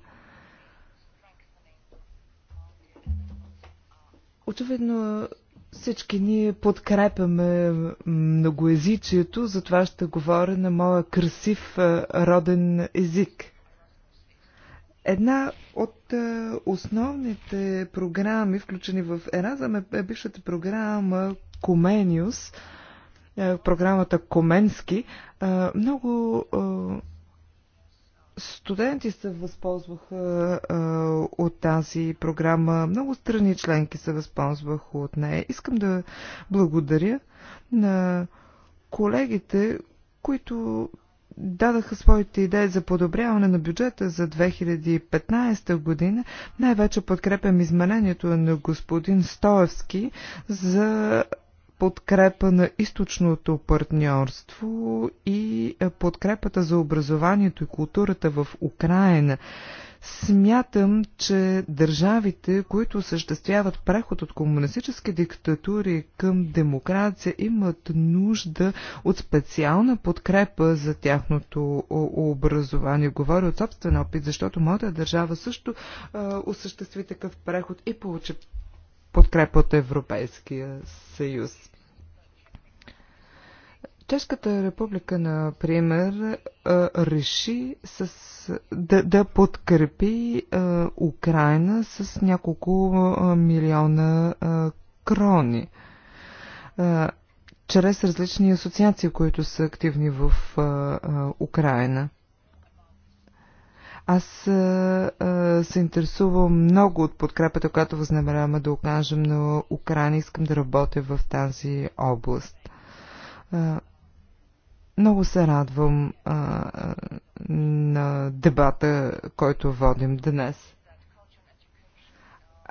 [SPEAKER 2] Очевидно всички ние подкрепяме многоязичието, затова ще говоря на моя красив е, роден език. Една от е, основните програми, включени в Еразъм, е, е бившата програма Комениус, програмата Коменски. Много Студенти се възползваха а, от тази програма, много страни членки се възползваха от нея. Искам да благодаря на колегите, които дадаха своите идеи за подобряване на бюджета за 2015 година. Най-вече подкрепям изменението на господин Стоевски за подкрепа на източното партньорство и е, подкрепата за образованието и културата в Украина. Смятам, че държавите, които осъществяват преход от комунистически диктатури към демокрация, имат нужда от специална подкрепа за тяхното образование. Говоря от собствен опит, защото моята държава също а, е, осъществи такъв преход и получи подкрепа от Европейския съюз. Чешката република, например, реши с, да, да подкрепи Украина с няколко милиона крони чрез различни асоциации, които са активни в Украина. Аз а, а, се интересувам много от подкрепата, която възнамеряваме да окажем на Украина. Искам да работя в тази област. А, много се радвам а, на дебата, който водим днес.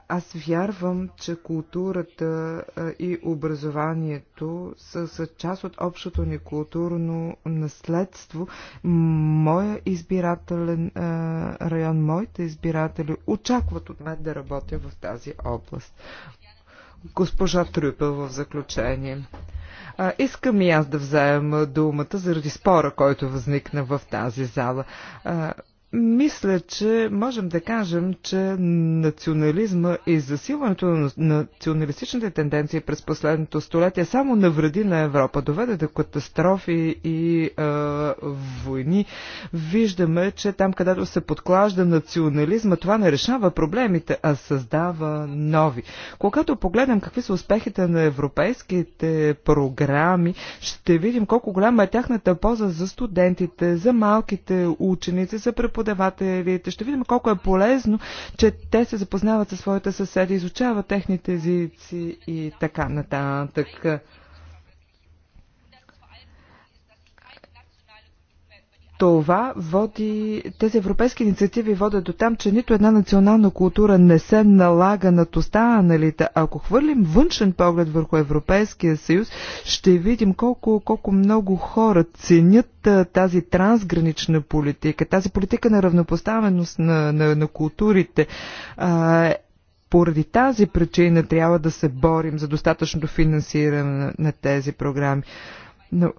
[SPEAKER 2] Аз вярвам, че културата и образованието са, са част от общото ни културно наследство. Моя избирателен район, моите избиратели очакват от мен да работя в тази област. Госпожа Трюпел в заключение. А, искам и аз да взема думата заради спора, който възникна в тази зала. А, мисля, че можем да кажем, че национализма и засилването на националистичните тенденции през последното столетие само навреди на Европа, доведе до катастрофи и а, войни. Виждаме, че там, където се подклажда национализма, това не решава проблемите, а създава нови. Когато погледнем какви са успехите на европейските програми, ще видим колко голяма е тяхната полза за студентите, за малките ученици, за преподавателите, преподавателите. Ще видим колко е полезно, че те се запознават със своите съседи, изучават техните езици и така нататък. Това води, тези европейски инициативи водят до там, че нито една национална култура не се налага на останалите. Ако хвърлим външен поглед върху Европейския съюз, ще видим колко, колко много хора ценят тази трансгранична политика, тази политика на равнопоставеност на, на, на културите. Поради тази причина трябва да се борим за достатъчното финансиране на тези програми. Но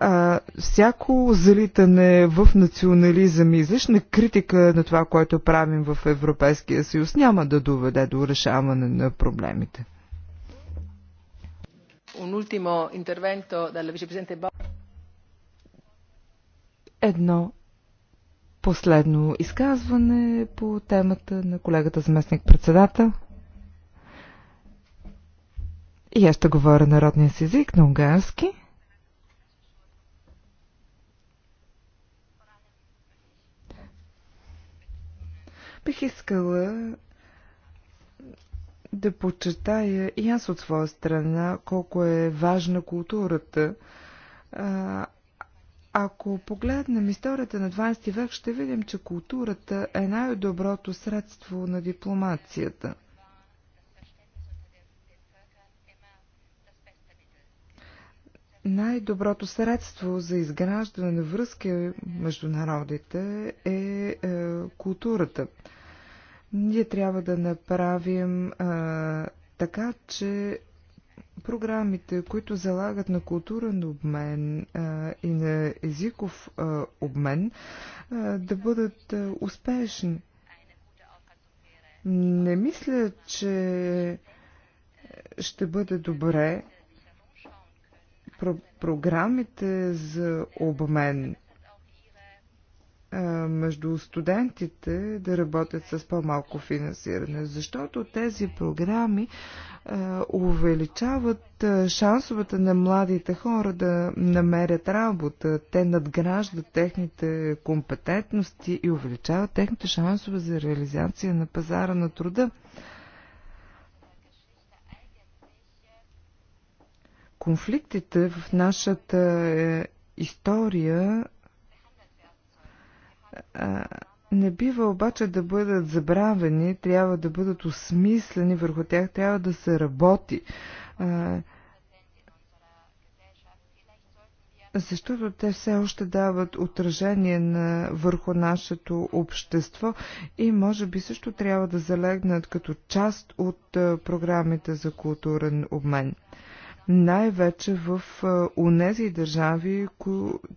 [SPEAKER 2] а, всяко залитане в национализъм и излишна критика на това, което правим в Европейския съюз, няма да доведе до решаване на проблемите. Едно последно изказване по темата на колегата заместник-председател. И аз ще говоря народния си език на унгарски. Бих искала да почитая и аз от своя страна колко е важна културата. Ако погледнем историята на 20 век, ще видим, че културата е най-доброто средство на дипломацията – най-доброто средство за изграждане на връзки между народите е, е културата. Ние трябва да направим е, така, че програмите, които залагат на културен обмен е, и на езиков е, обмен, е, да бъдат е, успешни. Не мисля, че ще бъде добре про- програмите за обмен между студентите да работят с по-малко финансиране, защото тези програми увеличават шансовете на младите хора да намерят работа. Те надграждат техните компетентности и увеличават техните шансове за реализация на пазара на труда. Конфликтите в нашата е, история е, не бива обаче да бъдат забравени, трябва да бъдат осмислени, върху тях трябва да се работи. Е, защото те все още дават отражение на, върху нашето общество и може би също трябва да залегнат като част от програмите за културен обмен най-вече в унези държави,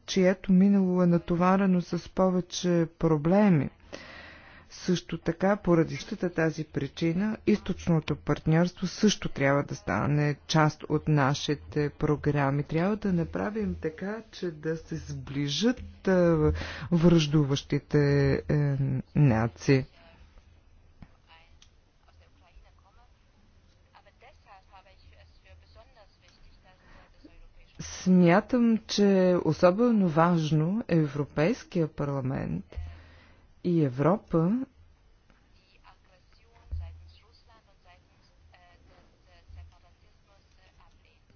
[SPEAKER 2] чието минало е натоварено с повече проблеми. Също така, поради щата тази причина, източното партньорство също трябва да стане част от нашите програми. Трябва да направим така, че да се сближат връждуващите е, нации. Смятам, че особено важно е Европейския парламент и Европа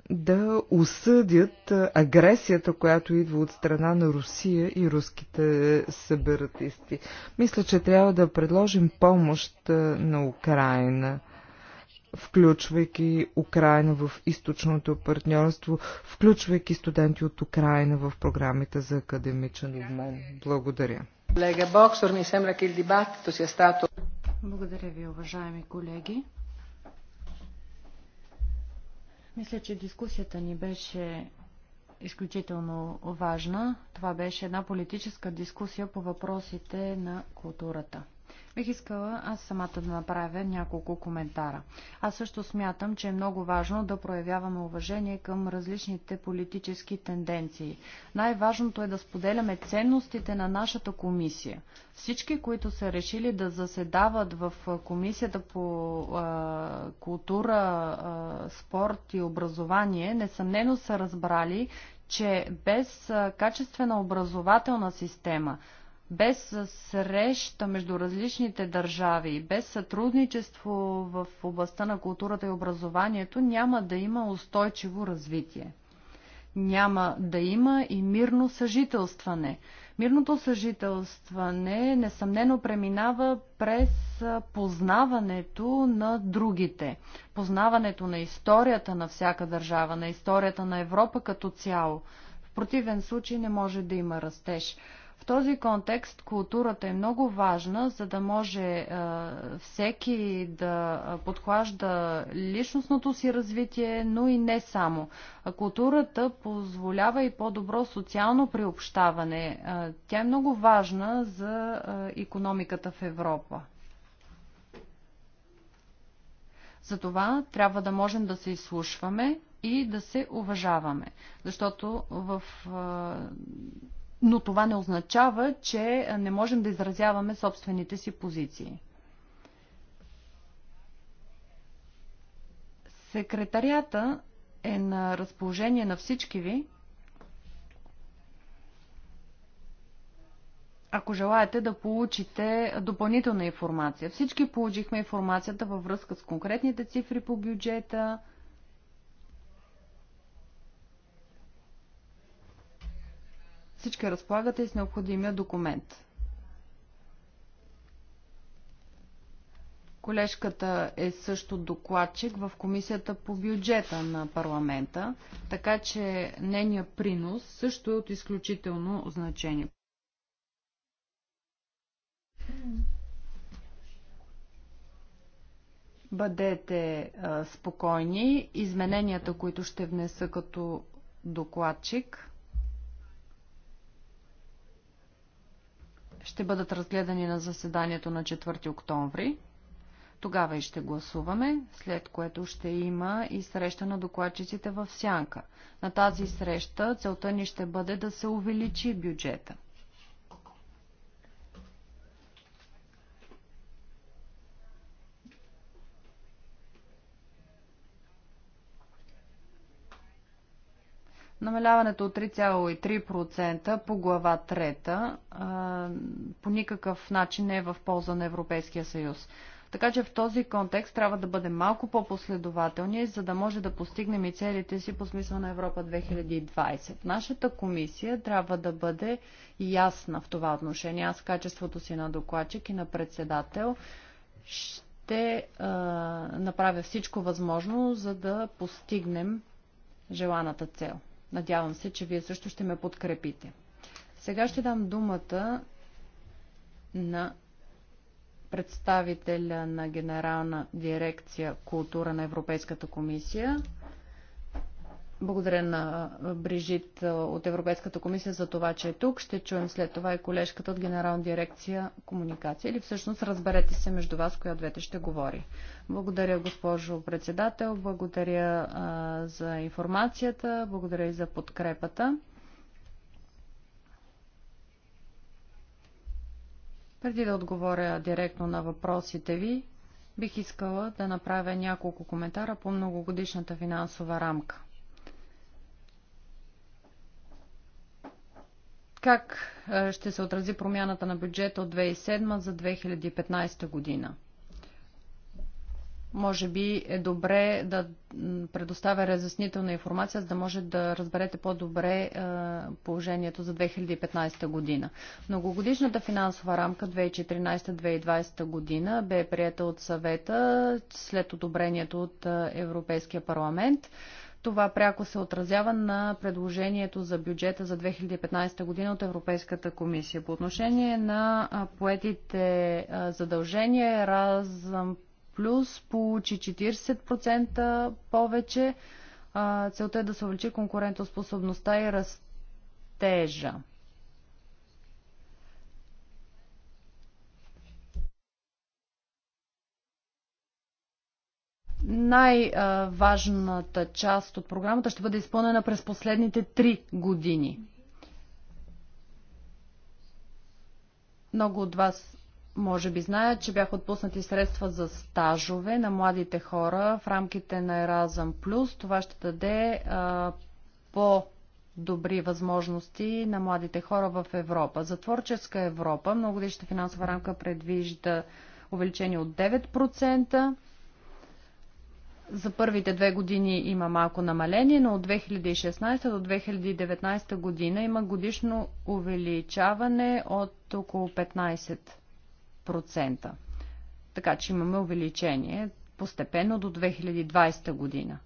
[SPEAKER 2] да осъдят агресията, която идва от страна на Русия и руските събиратисти. Мисля, че трябва да предложим помощ на Украина – включвайки Украина в източното партньорство, включвайки студенти от Украина в програмите за академичен обмен. Благодаря.
[SPEAKER 3] Благодаря ви, уважаеми колеги. Мисля, че дискусията ни беше изключително важна. Това беше една политическа дискусия по въпросите на културата. Бих искала аз самата да направя няколко коментара. Аз също смятам, че е много важно да проявяваме уважение към различните политически тенденции. Най-важното е да споделяме ценностите на нашата комисия. Всички, които са решили да заседават в комисията по а, култура, а, спорт и образование, несъмнено са разбрали, че без качествена образователна система, без среща между различните държави, без сътрудничество в областта на културата и образованието няма да има устойчиво развитие. Няма да има и мирно съжителстване. Мирното съжителстване несъмнено преминава през познаването на другите, познаването на историята на всяка държава, на историята на Европа като цяло. В противен случай не може да има растеж. В този контекст културата е много важна, за да може е, всеки да подхлажда личностното си развитие, но и не само. Културата позволява и по-добро социално приобщаване. Е, тя е много важна за економиката в Европа. Затова трябва да можем да се изслушваме и да се уважаваме, защото в е, но това не означава, че не можем да изразяваме собствените си позиции. Секретарията е на разположение на всички ви. Ако желаете да получите допълнителна информация. Всички получихме информацията във връзка с конкретните цифри по бюджета, Всички разполагате и с необходимия документ. Колежката е също докладчик в комисията по бюджета на парламента, така че нейният принос също е от изключително значение. Бъдете а, спокойни. Измененията, които ще внеса като докладчик, ще бъдат разгледани на заседанието на 4 октомври. Тогава и ще гласуваме, след което ще има и среща на докладчиците в Сянка. На тази среща целта ни ще бъде да се увеличи бюджета. Намаляването от 3,3% по глава 3 по никакъв начин не е в полза на Европейския съюз. Така че в този контекст трябва да бъдем малко по-последователни, за да може да постигнем и целите си по смисъл на Европа 2020. Нашата комисия трябва да бъде ясна в това отношение. Аз качеството си на докладчик и на председател ще а, направя всичко възможно, за да постигнем желаната цел. Надявам се, че вие също ще ме подкрепите. Сега ще дам думата на представителя на Генерална дирекция култура на Европейската комисия, благодаря на Брижит от Европейската комисия за това, че е тук. Ще чуем след това и колежката от Генерална дирекция комуникация. Или всъщност разберете се между вас, коя двете ще говори. Благодаря, госпожо председател. Благодаря а, за информацията. Благодаря и за подкрепата. Преди да отговоря директно на въпросите ви, бих искала да направя няколко коментара по многогодишната финансова рамка. Как е, ще се отрази промяната на бюджета от 2007 за 2015 година? Може би е добре да предоставя разяснителна информация, за да може да разберете по-добре е, положението за 2015 година. Многогодишната финансова рамка 2014-2020 година бе прията от съвета след одобрението от е, Европейския парламент. Това пряко се отразява на предложението за бюджета за 2015 година от Европейската комисия. По отношение на поетите задължения, Разъм Плюс получи 40% повече. Целта е да се увеличи конкурентоспособността и растежа. най-важната част от програмата ще бъде изпълнена през последните три години. Много от вас може би знаят, че бяха отпуснати средства за стажове на младите хора в рамките на Еразъм Плюс. Това ще даде а, по добри възможности на младите хора в Европа. За творческа Европа многодишната финансова рамка предвижда увеличение от 9%. За първите две години има малко намаление, но от 2016 до 2019 година има годишно увеличаване от около 15%. Така че имаме увеличение постепенно до 2020 година.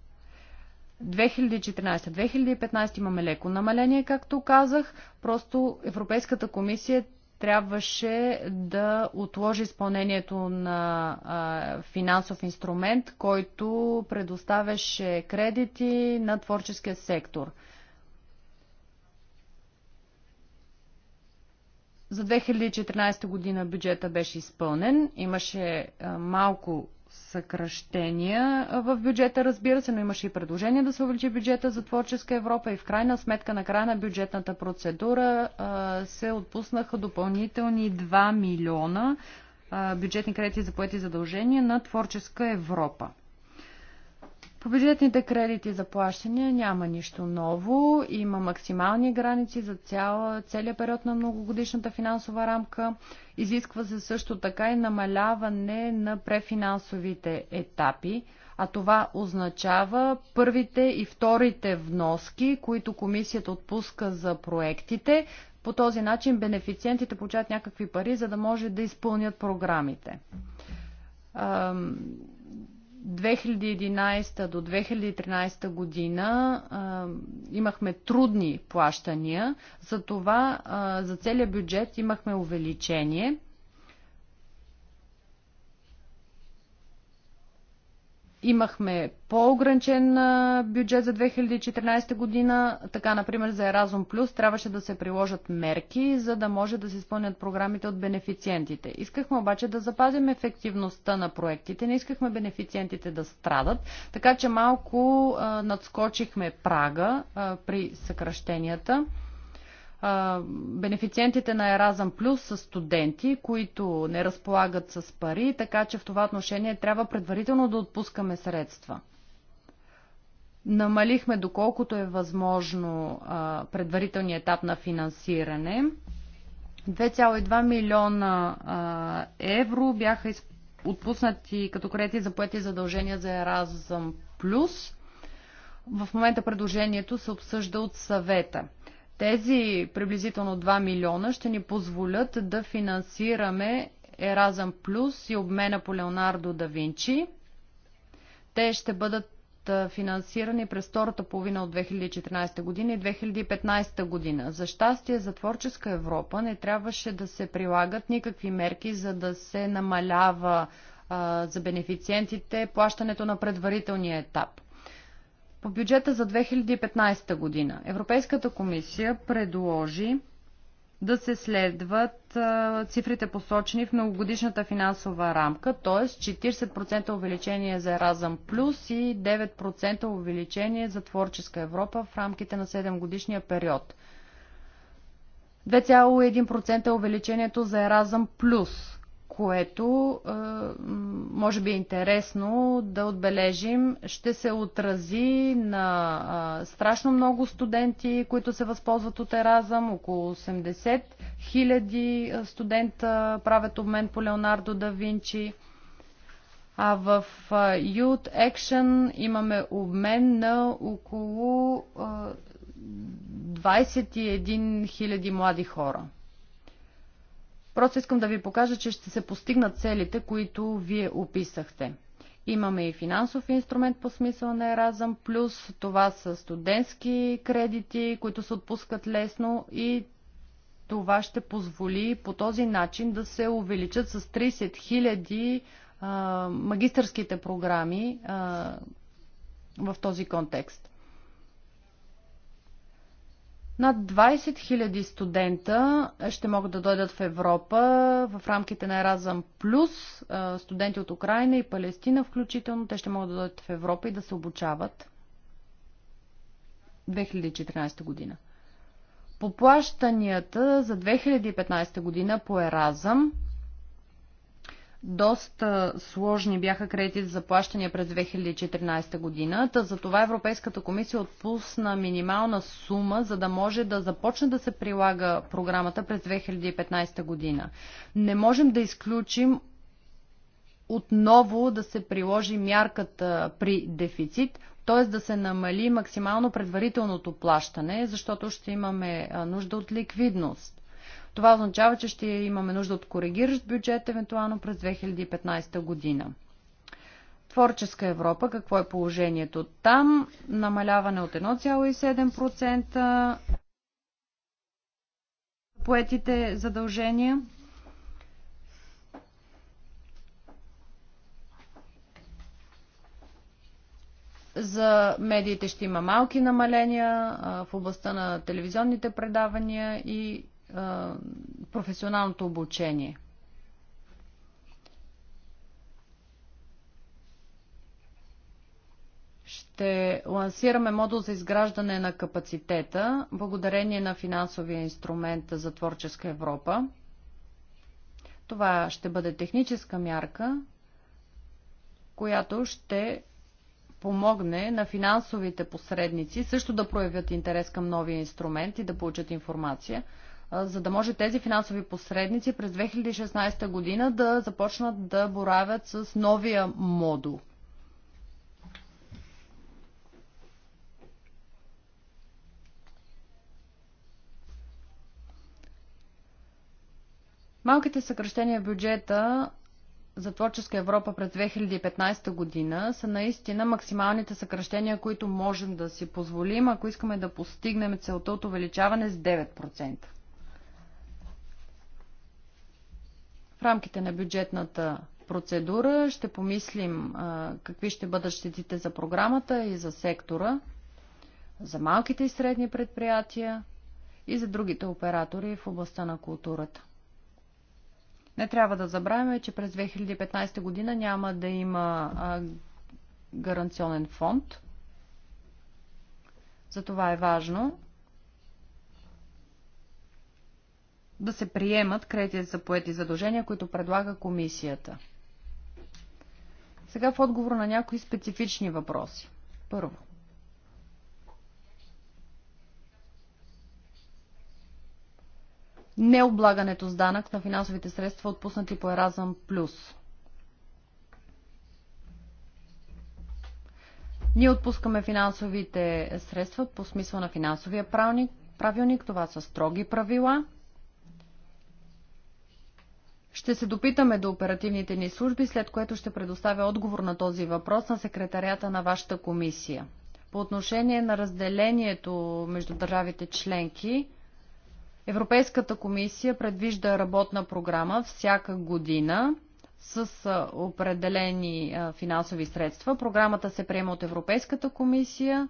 [SPEAKER 3] 2014-2015 имаме леко намаление, както казах. Просто Европейската комисия трябваше да отложи изпълнението на а, финансов инструмент, който предоставяше кредити на творческия сектор. За 2014 година бюджета беше изпълнен, имаше а, малко съкръщения в бюджета, разбира се, но имаше и предложение да се увеличи бюджета за Творческа Европа и в крайна сметка на края на бюджетната процедура се отпуснаха допълнителни 2 милиона бюджетни кредити за поети задължения на Творческа Европа. По бюджетните кредити за плащания няма нищо ново. Има максимални граници за цяла, целият период на многогодишната финансова рамка. Изисква се също така и намаляване на префинансовите етапи, а това означава първите и вторите вноски, които комисията отпуска за проектите. По този начин бенефициентите получават някакви пари, за да може да изпълнят програмите 2011 до 2013 година а, имахме трудни плащания, за това а, за целия бюджет имахме увеличение – Имахме по-ограничен бюджет за 2014 година, така например за Еразум Плюс трябваше да се приложат мерки, за да може да се изпълнят програмите от бенефициентите. Искахме обаче да запазим ефективността на проектите, не искахме бенефициентите да страдат, така че малко надскочихме прага при съкръщенията бенефициентите на Еразъм Плюс са студенти, които не разполагат с пари, така че в това отношение трябва предварително да отпускаме средства. Намалихме доколкото е възможно предварителния етап на финансиране. 2,2 милиона евро бяха отпуснати като кредити за поети задължения за Еразъм Плюс. В момента предложението се обсъжда от съвета. Тези приблизително 2 милиона ще ни позволят да финансираме Еразъм Плюс и обмена по Леонардо да Винчи. Те ще бъдат финансирани през втората половина от 2014 година и 2015 година. За щастие за творческа Европа не трябваше да се прилагат никакви мерки, за да се намалява а, за бенефициентите плащането на предварителния етап. По бюджета за 2015 година Европейската комисия предложи да се следват цифрите посочени в многогодишната финансова рамка, т.е. 40% увеличение за Еразъм Плюс и 9% увеличение за Творческа Европа в рамките на 7 годишния период. 2,1% е увеличението за Еразъм Плюс, което е, може би е интересно да отбележим, ще се отрази на е, страшно много студенти, които се възползват от Еразъм. Около 80 хиляди е, студента правят обмен по Леонардо да Винчи. А в Youth Action имаме обмен на около 21 000 млади хора. Просто искам да ви покажа, че ще се постигнат целите, които вие описахте. Имаме и финансов инструмент по смисъл на Еразъм, плюс това са студентски кредити, които се отпускат лесно и това ще позволи по този начин да се увеличат с 30 хиляди магистърските програми а, в този контекст. Над 20 000 студента е, ще могат да дойдат в Европа в рамките на Еразъм Плюс, е, студенти от Украина и Палестина включително. Те ще могат да дойдат в Европа и да се обучават 2014 година. По плащанията за 2015 година по Еразъм доста сложни бяха кредитите за плащания през 2014 година. Та за това Европейската комисия отпусна минимална сума, за да може да започне да се прилага програмата през 2015 година. Не можем да изключим отново да се приложи мярката при дефицит, т.е. да се намали максимално предварителното плащане, защото ще имаме нужда от ликвидност. Това означава, че ще имаме нужда от коригиращ бюджет, евентуално през 2015 година. Творческа Европа, какво е положението там? Намаляване от 1,7% поетите задължения. За медиите ще има малки намаления в областта на телевизионните предавания и професионалното обучение. ще лансираме модул за изграждане на капацитета, благодарение на финансовия инструмент за творческа Европа. Това ще бъде техническа мярка, която ще помогне на финансовите посредници също да проявят интерес към новия инструмент и да получат информация за да може тези финансови посредници през 2016 година да започнат да боравят с новия модул. Малките съкръщения в бюджета за творческа Европа през 2015 година са наистина максималните съкръщения, които можем да си позволим, ако искаме да постигнем целта от увеличаване с 9%. В рамките на бюджетната процедура ще помислим а, какви ще бъдат щетите за програмата и за сектора, за малките и средни предприятия и за другите оператори в областта на културата. Не трябва да забравяме, че през 2015 година няма да има а, гаранционен фонд. за това е важно да се приемат кредитите за поети задължения, които предлага комисията. Сега в отговор на някои специфични въпроси. Първо. Необлагането с данък на финансовите средства, отпуснати по Еразъм Плюс. Ние отпускаме финансовите средства по смисъл на финансовия правилник. Това са строги правила – ще се допитаме до оперативните ни служби, след което ще предоставя отговор на този въпрос на секретарията на вашата комисия. По отношение на разделението между държавите членки, Европейската комисия предвижда работна програма всяка година с определени финансови средства. Програмата се приема от Европейската комисия,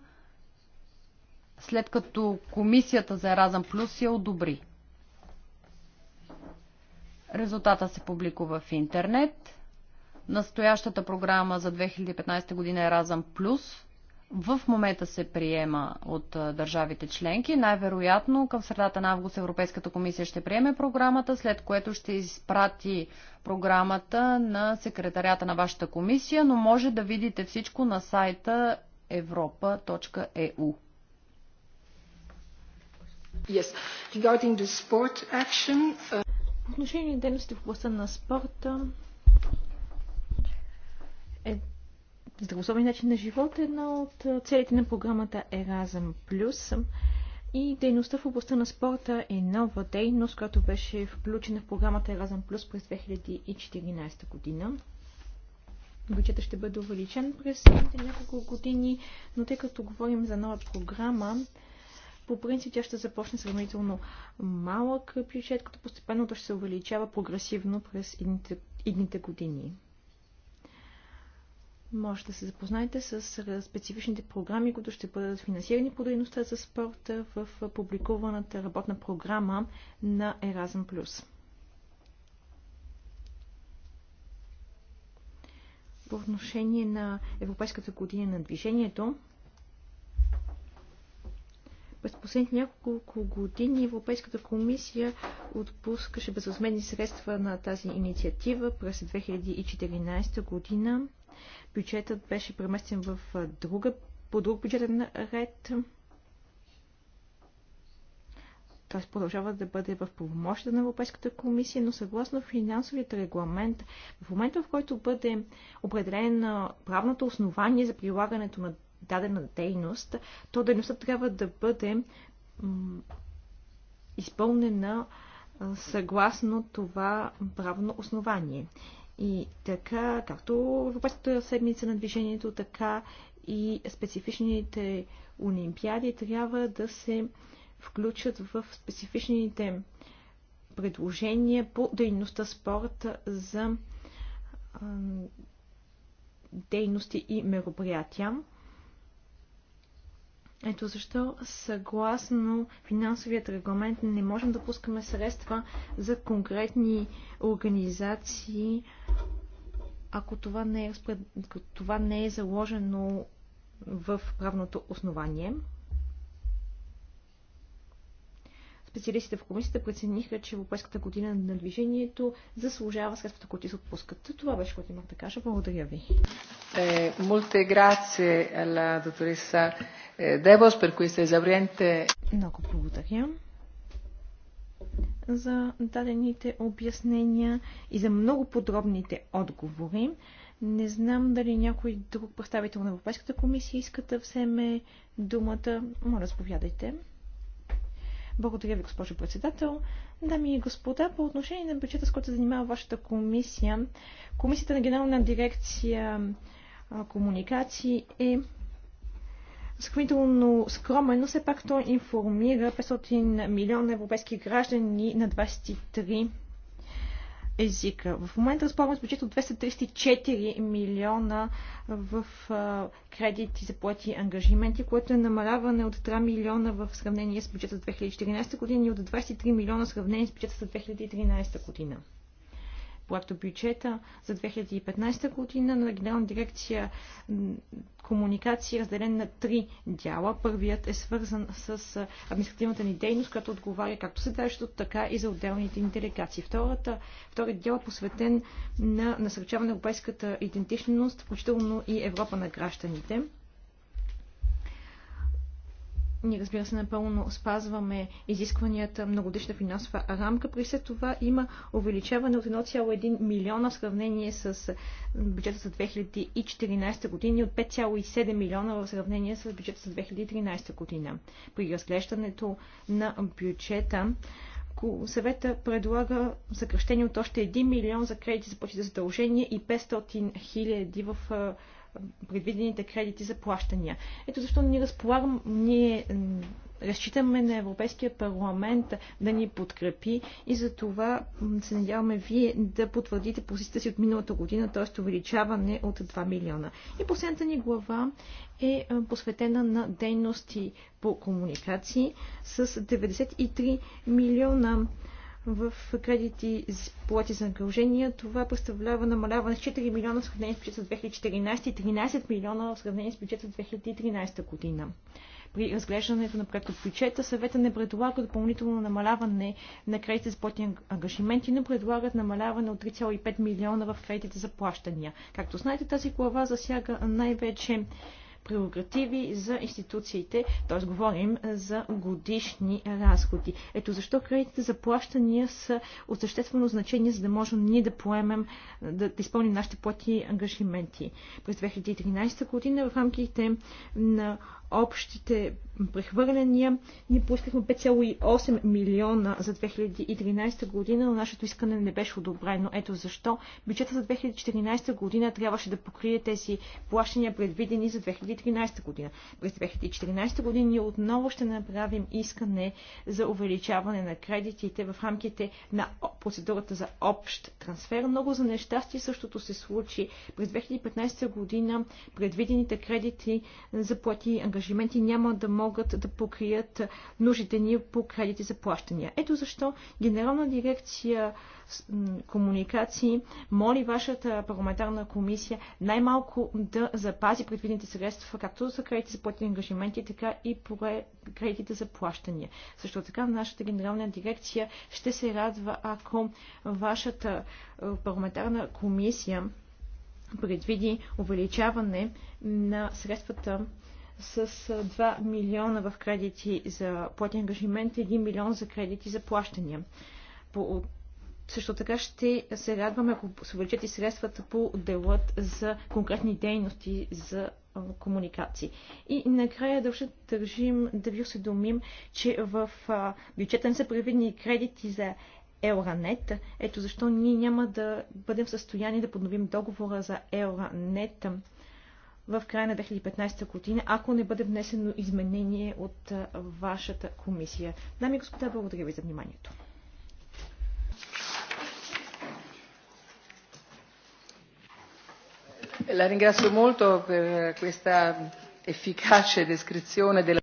[SPEAKER 3] след като комисията за Еразъм Плюс я одобри. Резултата се публикува в интернет. Настоящата програма за 2015 година е Разъм Плюс. В момента се приема от държавите членки. Най-вероятно към средата на август Европейската комисия ще приеме програмата, след което ще изпрати програмата на секретарята на вашата комисия, но може да видите всичко на сайта europa.eu. Е yes.
[SPEAKER 5] Regarding the sport action, uh отношение на дейности в областта на спорта, е здравословен начин на живота една от целите на програмата Разъм Плюс. И дейността в областта на спорта е нова дейност, която беше включена в програмата Еразъм Плюс през 2014 година. Бюджетът ще бъде увеличен през следните няколко години, но тъй като говорим за нова програма, по принцип тя ще започне сравнително малък бюджет, като постепенно то ще се увеличава прогресивно през едните, едните години. Може да се запознаете с специфичните програми, които ще бъдат финансирани по дейността за спорта в публикуваната работна програма на Erasmus+. По отношение на Европейската година на движението, през последните няколко години Европейската комисия отпускаше безразмерни средства на тази инициатива през 2014 година. Бюджетът беше преместен в друга, по друг бюджетен ред. Т.е. продължава да бъде в правомощите на Европейската комисия, но съгласно финансовият регламент, в момента в който бъде определено правното основание за прилагането на дадена дейност, то дейността трябва да бъде изпълнена съгласно това правно основание. И така, както Европейската седмица на движението, така и специфичните олимпиади трябва да се включат в специфичните предложения по дейността спорта за дейности и мероприятия. Ето защо, съгласно финансовият регламент, не можем да пускаме средства за конкретни организации, ако това не е, това не е заложено в правното основание. Специалистите в комисията прецениха, че Европейската година на движението заслужава средствата, които се отпускат. Това беше, което имах да кажа. Благодаря ви.
[SPEAKER 1] Е, грация е, Много благодаря
[SPEAKER 5] за дадените обяснения и за много подробните отговори. Не знам дали някой друг представител на Европейската комисия иска да вземе думата. Моля, заповядайте. Благодаря ви, госпожо председател. Дами и господа, по отношение на бюджета, с който се занимава вашата комисия, комисията на Генерална дирекция комуникации е сравнително скромен, но все пак той информира 500 милиона европейски граждани на 23 езика. В момента разполагаме с бюджет от 234 милиона в а, кредити за плати и ангажименти, което е намаляване от 3 милиона в сравнение с бюджета за 2014 година и от 23 милиона в сравнение с бюджета за 2013 година проектобюджета за 2015 година на Генерална дирекция комуникации разделен на три дяла. Първият е свързан с административната ни дейност, която отговаря както за така и за отделните ни делегации. Втората, вторият дял е посветен на насърчаване на европейската идентичност, включително и Европа на гражданите. Ние, разбира се, напълно спазваме изискванията годишна финансова рамка. При след това има увеличаване от 1,1 милиона в сравнение с бюджета за 2014 година и от 5,7 милиона в сравнение с бюджета за 2013 година. При разглеждането на бюджета съвета предлага съкръщение от още 1 милион за кредити за плати за задължения и 500 хиляди в предвидените кредити за плащания. Ето защо ние разполагам, ние разчитаме на Европейския парламент да ни подкрепи и за това се надяваме вие да потвърдите позицията си от миналата година, т.е. увеличаване от 2 милиона. И последната ни глава е посветена на дейности по комуникации с 93 милиона в кредити за плати за нагружения. Това представлява намаляване с 4 милиона в сравнение с бюджета за 2014 и 13 милиона в сравнение с бюджета за 2013 година. При разглеждането на проекта бюджета съвета не предлага допълнително намаляване на кредитите за платни ангажименти, но предлагат намаляване от 3,5 милиона в кредитите за плащания. Както знаете, тази глава засяга най-вече прерогативи за институциите, т.е. говорим за годишни разходи. Ето защо кредитите за плащания са от съществено значение, за да можем ние да поемем, да, да изпълним нашите плати ангажименти. През 2013 година в рамките на общите прехвърляния. Ние поискахме 5,8 милиона за 2013 година, но нашето искане не беше одобрено. Ето защо бюджета за 2014 година трябваше да покрие тези плащания предвидени за 2013 година. През 2014 година ние отново ще направим искане за увеличаване на кредитите в рамките на процедурата за общ трансфер. Много за нещастие същото се случи. През 2015 година предвидените кредити заплати ангажирани ангажименти няма да могат да покрият нуждите ни по кредити за плащания. Ето защо Генерална дирекция комуникации моли вашата парламентарна комисия най-малко да запази предвидените средства, както за кредити за платени ангажименти, така и по кредитите за плащания. Също така нашата генерална дирекция ще се радва, ако вашата е, парламентарна комисия предвиди увеличаване на средствата с 2 милиона в кредити за платен ангажимент и 1 милион за кредити за плащания. По, също така ще се радваме, ако се увеличат и средствата по делът за конкретни дейности за комуникации. И накрая ще държим да ви осведомим, че в бюджета не са предвидени кредити за Euronet. Ето защо ние няма да бъдем в състояние да подновим договора за Euronet в края на 2015 година, ако не бъде внесено изменение от вашата комисия. Дами и господа, благодаря
[SPEAKER 1] ви за вниманието. La ringrazio molto per questa efficace descrizione della...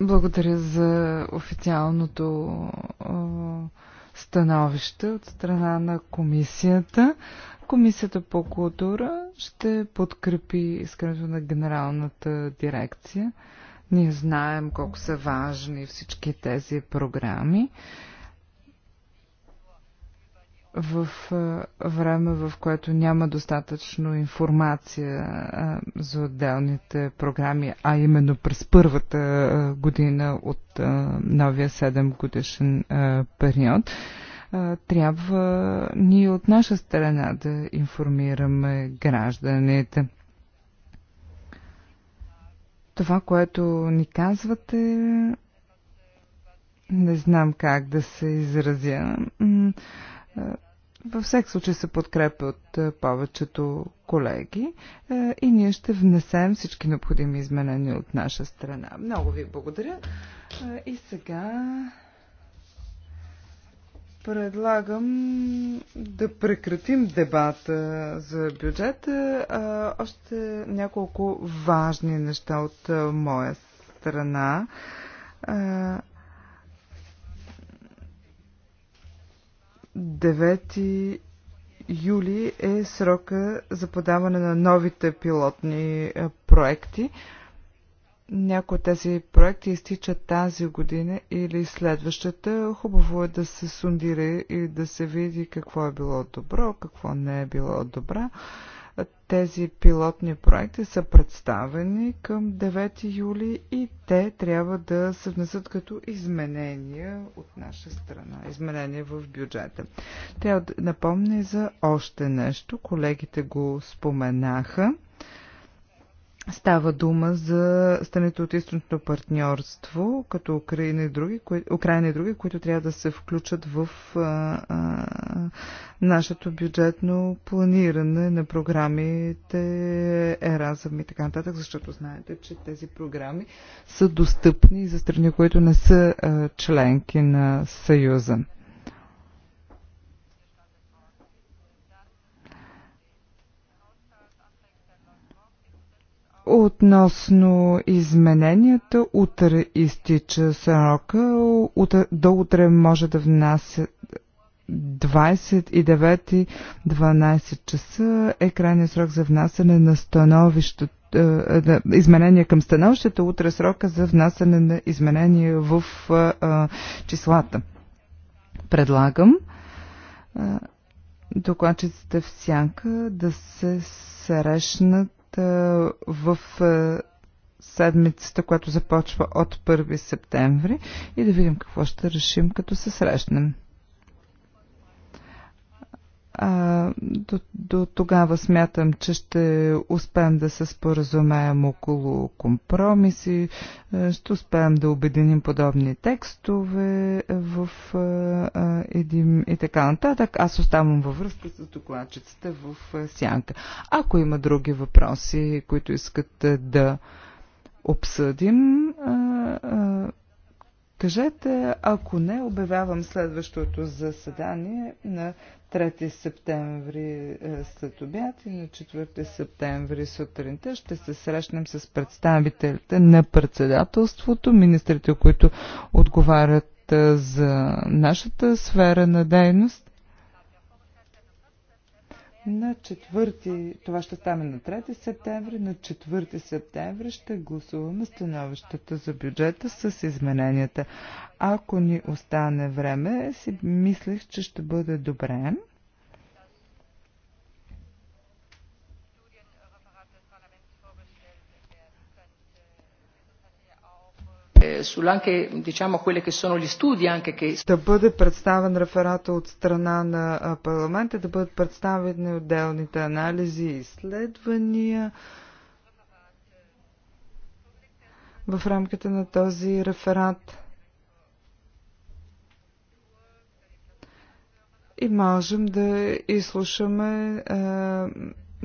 [SPEAKER 2] Благодаря за официалното становище от страна на комисията. Комисията по култура ще подкрепи искането на генералната дирекция. Ние знаем колко са важни всички тези програми в време, в което няма достатъчно информация за отделните програми, а именно през първата година от новия 7 годишен период трябва ние от наша страна да информираме гражданите. Това, което ни казвате, не знам как да се изразя. Е, във всеки случай се от е, повечето колеги е, и ние ще внесем всички необходими изменения от наша страна. Много ви благодаря. И сега предлагам да прекратим дебата за бюджета. Още няколко важни неща от моя страна. 9 юли е срока за подаване на новите пилотни е, проекти. Някои от тези проекти изтичат тази година или следващата. Хубаво е да се сундира и да се види какво е било добро, какво не е било добра. Тези пилотни проекти са представени към 9 юли и те трябва да се внесат като изменения от наша страна, изменения в бюджета. Трябва да напомня за още нещо, колегите го споменаха. Става дума за страните от източното партньорство, като Украина и, други, кои, Украина и други, които трябва да се включат в а, а, нашето бюджетно планиране на програмите Еразъм и така нататък, защото знаете, че тези програми са достъпни за страни, които не са а, членки на Съюза. Относно измененията, утре изтича срока. Утре, до утре може да внася 29-12 часа е крайният срок за внасяне на становището е, е, изменения към становищата, утре е срока за внасяне на изменения в а, числата. Предлагам докладчиците в сянка да се срещнат в седмицата, която започва от 1 септември и да видим какво ще решим, като се срещнем. А, до, до тогава смятам, че ще успеем да се споразумеем около компромиси, ще успеем да обединим подобни текстове в а, един и така нататък. Аз оставам във връзка с докладчицата в сянка. Ако има други въпроси, които искат да обсъдим, а, а, Кажете, ако не, обявявам следващото заседание на 3 септември е, след обяд и на 4 септември сутринта. Ще се срещнем с представителите на председателството, министрите, които отговарят е, за нашата сфера на дейност на 4, това ще стане на 3 септември, на 4 септември ще гласуваме становищата за бюджета с измененията. Ако ни остане време, си мислех, че ще бъде добре Е, да бъде представен реферата от страна на парламента, да бъдат представени отделните анализи и изследвания в рамките на този реферат. И можем да изслушаме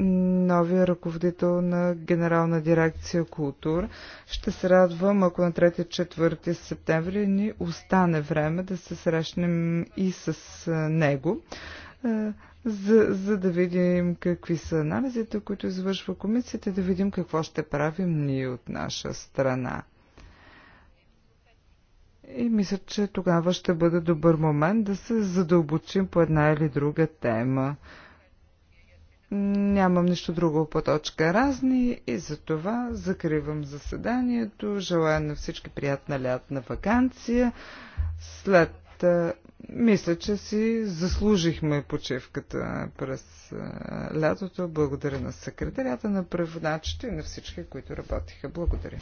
[SPEAKER 2] новия ръководител на Генерална дирекция култура. Ще се радвам, ако на 3-4 септември ни остане време да се срещнем и с него за, за да видим какви са анализите, които извършва комисията, да видим какво ще правим ние от наша страна. И мисля, че тогава ще бъде добър момент да се задълбочим по една или друга тема. Нямам нищо друго по точка разни и за това закривам заседанието. Желая на всички приятна лятна вакансия. След мисля, че си заслужихме почивката през лятото. Благодаря на секретарята, на преводачите и на всички, които работиха. Благодаря.